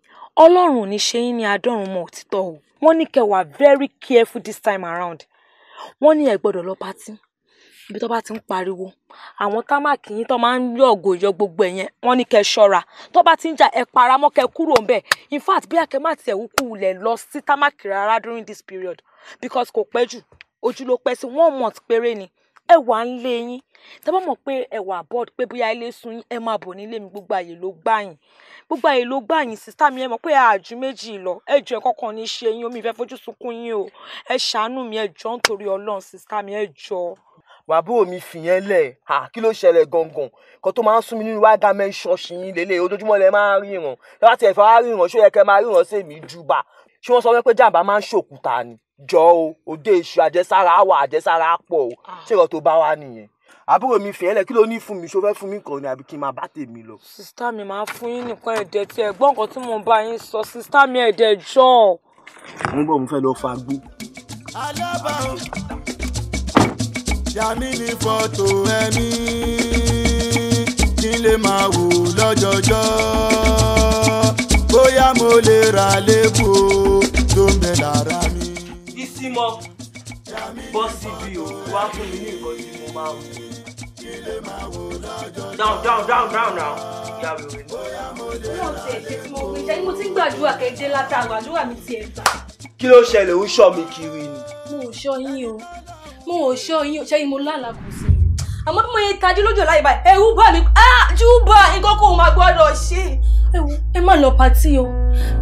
Ọlọ́run ò ní ṣe yín ní adọ́run mọ òtítọ́ o. Wọ́n ní kẹ́ very careful this time around. Wọ́n ní ẹ gbọ́dọ̀ lọ patí. Ibi tó bá ti ń pariwo. Àwọn támákì yín tó máa ń yọ̀gò yọ gbogbo ẹ̀yẹn. Wọ́n ní kẹ́ ṣọ́ra. Tó bá ti ń jà ẹ paramọ́ kẹ́ kúrò ń bẹ̀. In fact, bí akẹ́ má tiẹ̀ wúkú wulẹ̀ lọ sí támákì rárá during this period because kò pẹ́ jù ojú ló pẹ́ sí one month péré ni ẹ wà ń lé yín tẹ bá mọ̀ pé ẹ wà board pé bóyá ilé sun yín ẹ máa bọ̀ nílé mi gbogbo àyè ló gbà yín gbogbo àyè ló gbà yín sísá mi ẹ mọ̀ pé àjù méjì lọ ẹ jọ ẹ kọ́kàn ní ṣe yín omi ìfẹ́ fojú sunkún yín o ẹ ṣàánú mi ẹ jọ nítorí Ọlọ́run sísá mi ẹ jọ. wàá bó omi fìyẹn lẹ kí ló ṣẹlẹ̀ gangan kan tó máa ń sún mi nínú wága mẹ́ ṣọ́ọ̀ṣì yín lélẹ̀ ojoojúmọ́ lẹ máa ń ríran láti ẹ̀fọ́ á ríran ṣó yẹ kẹ́ máa ríran sí èmi jù bá ṣé wọ́n sọ wípé jàǹbá máa ń ṣòkúta ni jọ o òde èṣù àjẹsára wà àjẹsára pọ̀ o ah. ṣé ìwọ tó bá wà nìyẹn àbúrò mi fìyẹn lẹ kí ló ní fún mi ṣó fẹ́ fún mi kàn ní àbí kí n máa bá tèmi lọ. sista mi máa fún yín nìkan ẹ̀dẹ̀ tí ẹ gbọ́ nǹkan tí mo bá yín sọ sista mi ẹ̀dẹ̀ jọ. mo ń bọ̀ mo fẹ́ lọ fa gbó. alábàá yàmi fọ́tò ẹni kí n lè máa wò lọ́jọ́jọ́ bóyá mo lè ra lébùú tó ń bẹ lára mi tí bọ́ síbi òkú wá fún mi ní nǹkan tí mo máa wù. down down down down now ìyá mi ò rí. mo ti ṣe tí mo gbé jẹ́ mo ti ń gbàdúrà kẹ́jẹ́ látàrọ àdúrà mi ti ẹ̀ gbà. kí ló ṣẹlẹ̀ ń ṣọ́ mi kiri ni. mo ò ṣọ́ yín o mo ò ṣọ́ yín o ṣẹ́yìn mo lálàá kù sí àmọ́ bí mo yẹ tajú lójú ọ̀la yìí báyìí ẹ̀rù bá mi jù bá nǹkan kó o máa gbọ́dọ̀ ṣe ẹ má lọ pàtí o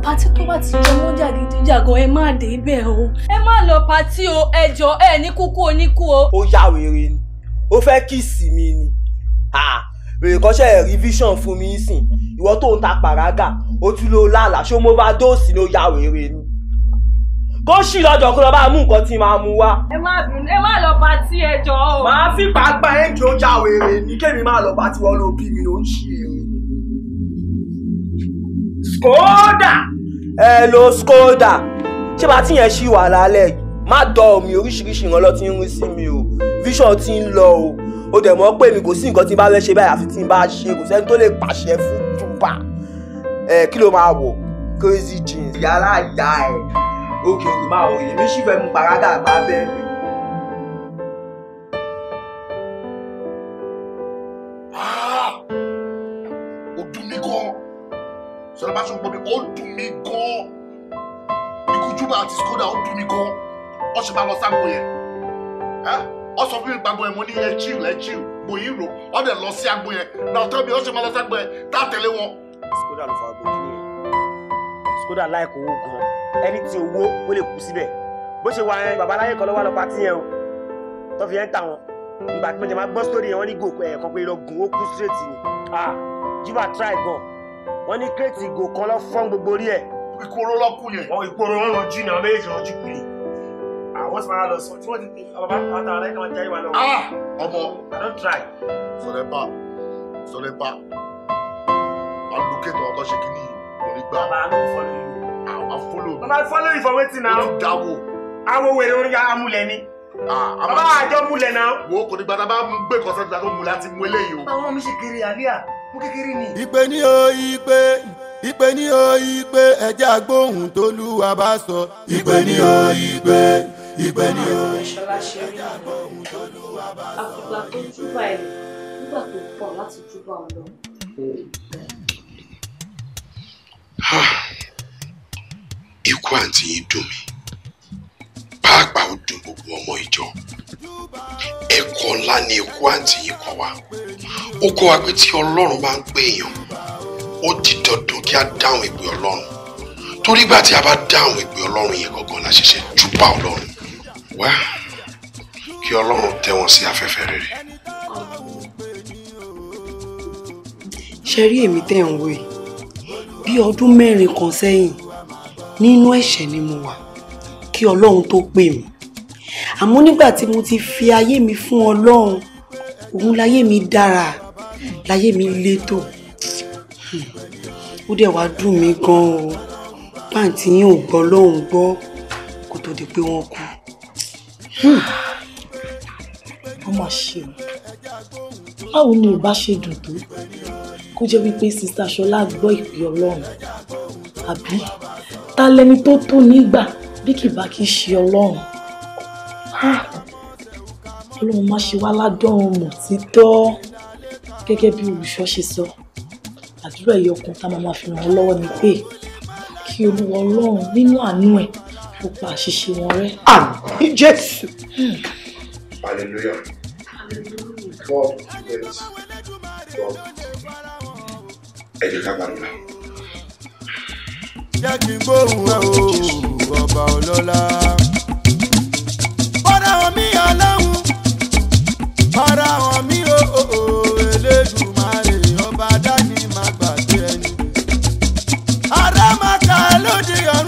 pàtí tó bá ti jọ mọ́ jàgídíjàgan ẹ má dé ibẹ̀ o. ẹ má lọ pàtí o ẹjọ ẹ ní kúkú oníkú o. ó yà wèrè ni ó fẹ́ kíìsì mi ni bèrè kọ́ṣẹ́ rí vision fún mi sìn ìwọ tó ń ta pàrágà ó tún ló lálàá ṣó mo bá dóòsì ló yà wèrè ni kó sì lọ́jọ́ kó lọ bá mú nǹkan tí máa mú wá. ẹ má bínú ẹ má lọ pa tí ẹjọ́ o. màá fi pàápàá ẹjọ́ yà wèrè ní kémi má lọ pa tí wọn ló bí mi ló ń ṣe é skoda. ẹ lo skoda ṣé bá tíyẹn ṣì wà lálẹ́ yìí má dọ̀ omi oríṣiríṣi ìran lọ ti ń rí sí mi o vision ti ń lọ o o dẹ̀ mọ̀ pé mi kò sí nǹkan tí n bá fẹ́ ṣe báyìí àfi tí n bá ṣe kò sẹ́ni tó lè pàṣẹ fún jùbà ẹ kí ló máa wọ̀ crazy jeans yàrá ìyá ẹ̀ òkè òkè máa wọ̀ yìí mi sì fẹ́ mu pàrádà bá bẹ́ẹ̀ ó dùn mí gan ìkújúbà àti skoda ó dùn mí gan ọ ṣe máa lọ sáko yẹn ọ sọ fún mi gbàgbọ́ yẹn mo ní ẹ chill ẹ chill bòyí rò ọ dẹ̀ lọ sí agbo yẹn náà tẹ́bi ọ ṣe máa lọ sáko yẹn tá a tẹ̀lé wọn. skoda ló fa gbòdì nìyẹn skoda láìkó owó gan ẹni tí owó ó lè kú síbẹ̀ bó ṣe wà yẹn babaláyé kan ló wà lọ pátí o tó fi yẹn ń ta wọn ìgbà tí mo máa gbọ́ sórí yẹn wọ́n ní gòkó ẹ̀ẹ̀kan pé irọ́ gùn ó kú straight ni ah jùbà try gan wọ́n ní kírètì ìgò kan lọ fọ́n gbogbo orí ẹ̀. ìkoro lọ yẹn. wọn ìkoro wọn lọ jí ni àwọn méjèèjì lọ jí àwọn tí wọn lọ sọ tí wọn ti tẹ ọba bá ta ọlẹ náà jáde wà lọ. Ah! ọmọ don't try. sọlẹ bá sọlẹ bá alùpùpù ọtọ ṣe kí ni gbà. bàbá ló ń fọlọ yìí. àwọn afọlọ. bàbá fọlọ yìí fọwọ́ ti náà. ó dáwọ́. awo wèrè orí amúlẹ̀ ni ah, bàbá àjọ múlẹ̀ náà. wo kò ní gbàdá bá gbé kọ́sọ́ọ̀tì ọmọ kékeré ni. ìpè ní o ìpè ìpè ní o ìpè ẹjẹ agbóhùn t'Olúwa bá sọ. ìpè ní o ìpè ìpè ní o ẹjẹ agbóhùn t'Olúwa bá sọ. àkùkà tó júbà ẹ nígbà tó pọ̀ láti júbà Ọlọ́run. ikú àǹtí yìí dùn mí pàápàá ó dùn gbogbo ọmọ ìjọ ẹ̀kọ́ ńlá ni ikú àǹtí yìí kọ́ wa ó kọ́ wa pé tí ọlọ́run bá ń pè èèyàn ó di dandan kí a dáhùn ìpè ọlọ́run torí gbà tí a bá dáhùn ìpè ọlọ́run yẹn gangan la ṣẹ̀ṣẹ̀ júbà ọlọ́run wá kí ọlọ́run tẹ wọn sí afẹ́fẹ́ rere. ṣe rí èmi tẹ́ ń wò yìí bí ọdún mẹ́rin kan sẹ́yìn nínú ẹ̀ṣẹ̀ ni mo wà kí ọlọ́run tó pè mí àmọ́ nígbà tí mo ti fi ayé mi fún ọlọ́run òun láyé mi dára láyé mi létò ó dẹ̀ wá dùn mí gan o pàǹtí yín ò gbọ́ lọ́hùn gbọ́ kó tó di pé wọ́n kú. ó mà ṣe o báwo ni ìbá ṣe dùn tó kó jẹ́ wípé sista ṣọlá gbọ́ ìpè ọlọ́run àbí ta lẹni tó tó nígbà bí kì bá kí ṣe ọlọ́run ọlọ́run má ṣe wá ládọ́run mọ̀ títọ́ gẹ́gẹ́ bí olùṣọ́ ṣe sọ àdúrà ẹ̀yọ kan tá máa fi ràn wọ́n lọ́wọ́ ni pé kí olúwa ọlọ́run nínú àánú ẹ̀ ó pa àṣìṣe wọn rẹ́. àmín jésù. hallelujah. God bless God. ẹ jẹ́ ká gbàdúrà jẹ́kí gbóhùn ẹ̀ o ọba ọlọ́lá. bọ́dà hàn mi ọlọ́run bọ́dà hàn mí o Elédùmarè ọba dání má gbàgbé ẹni. ará máa ka lóde ọ̀run.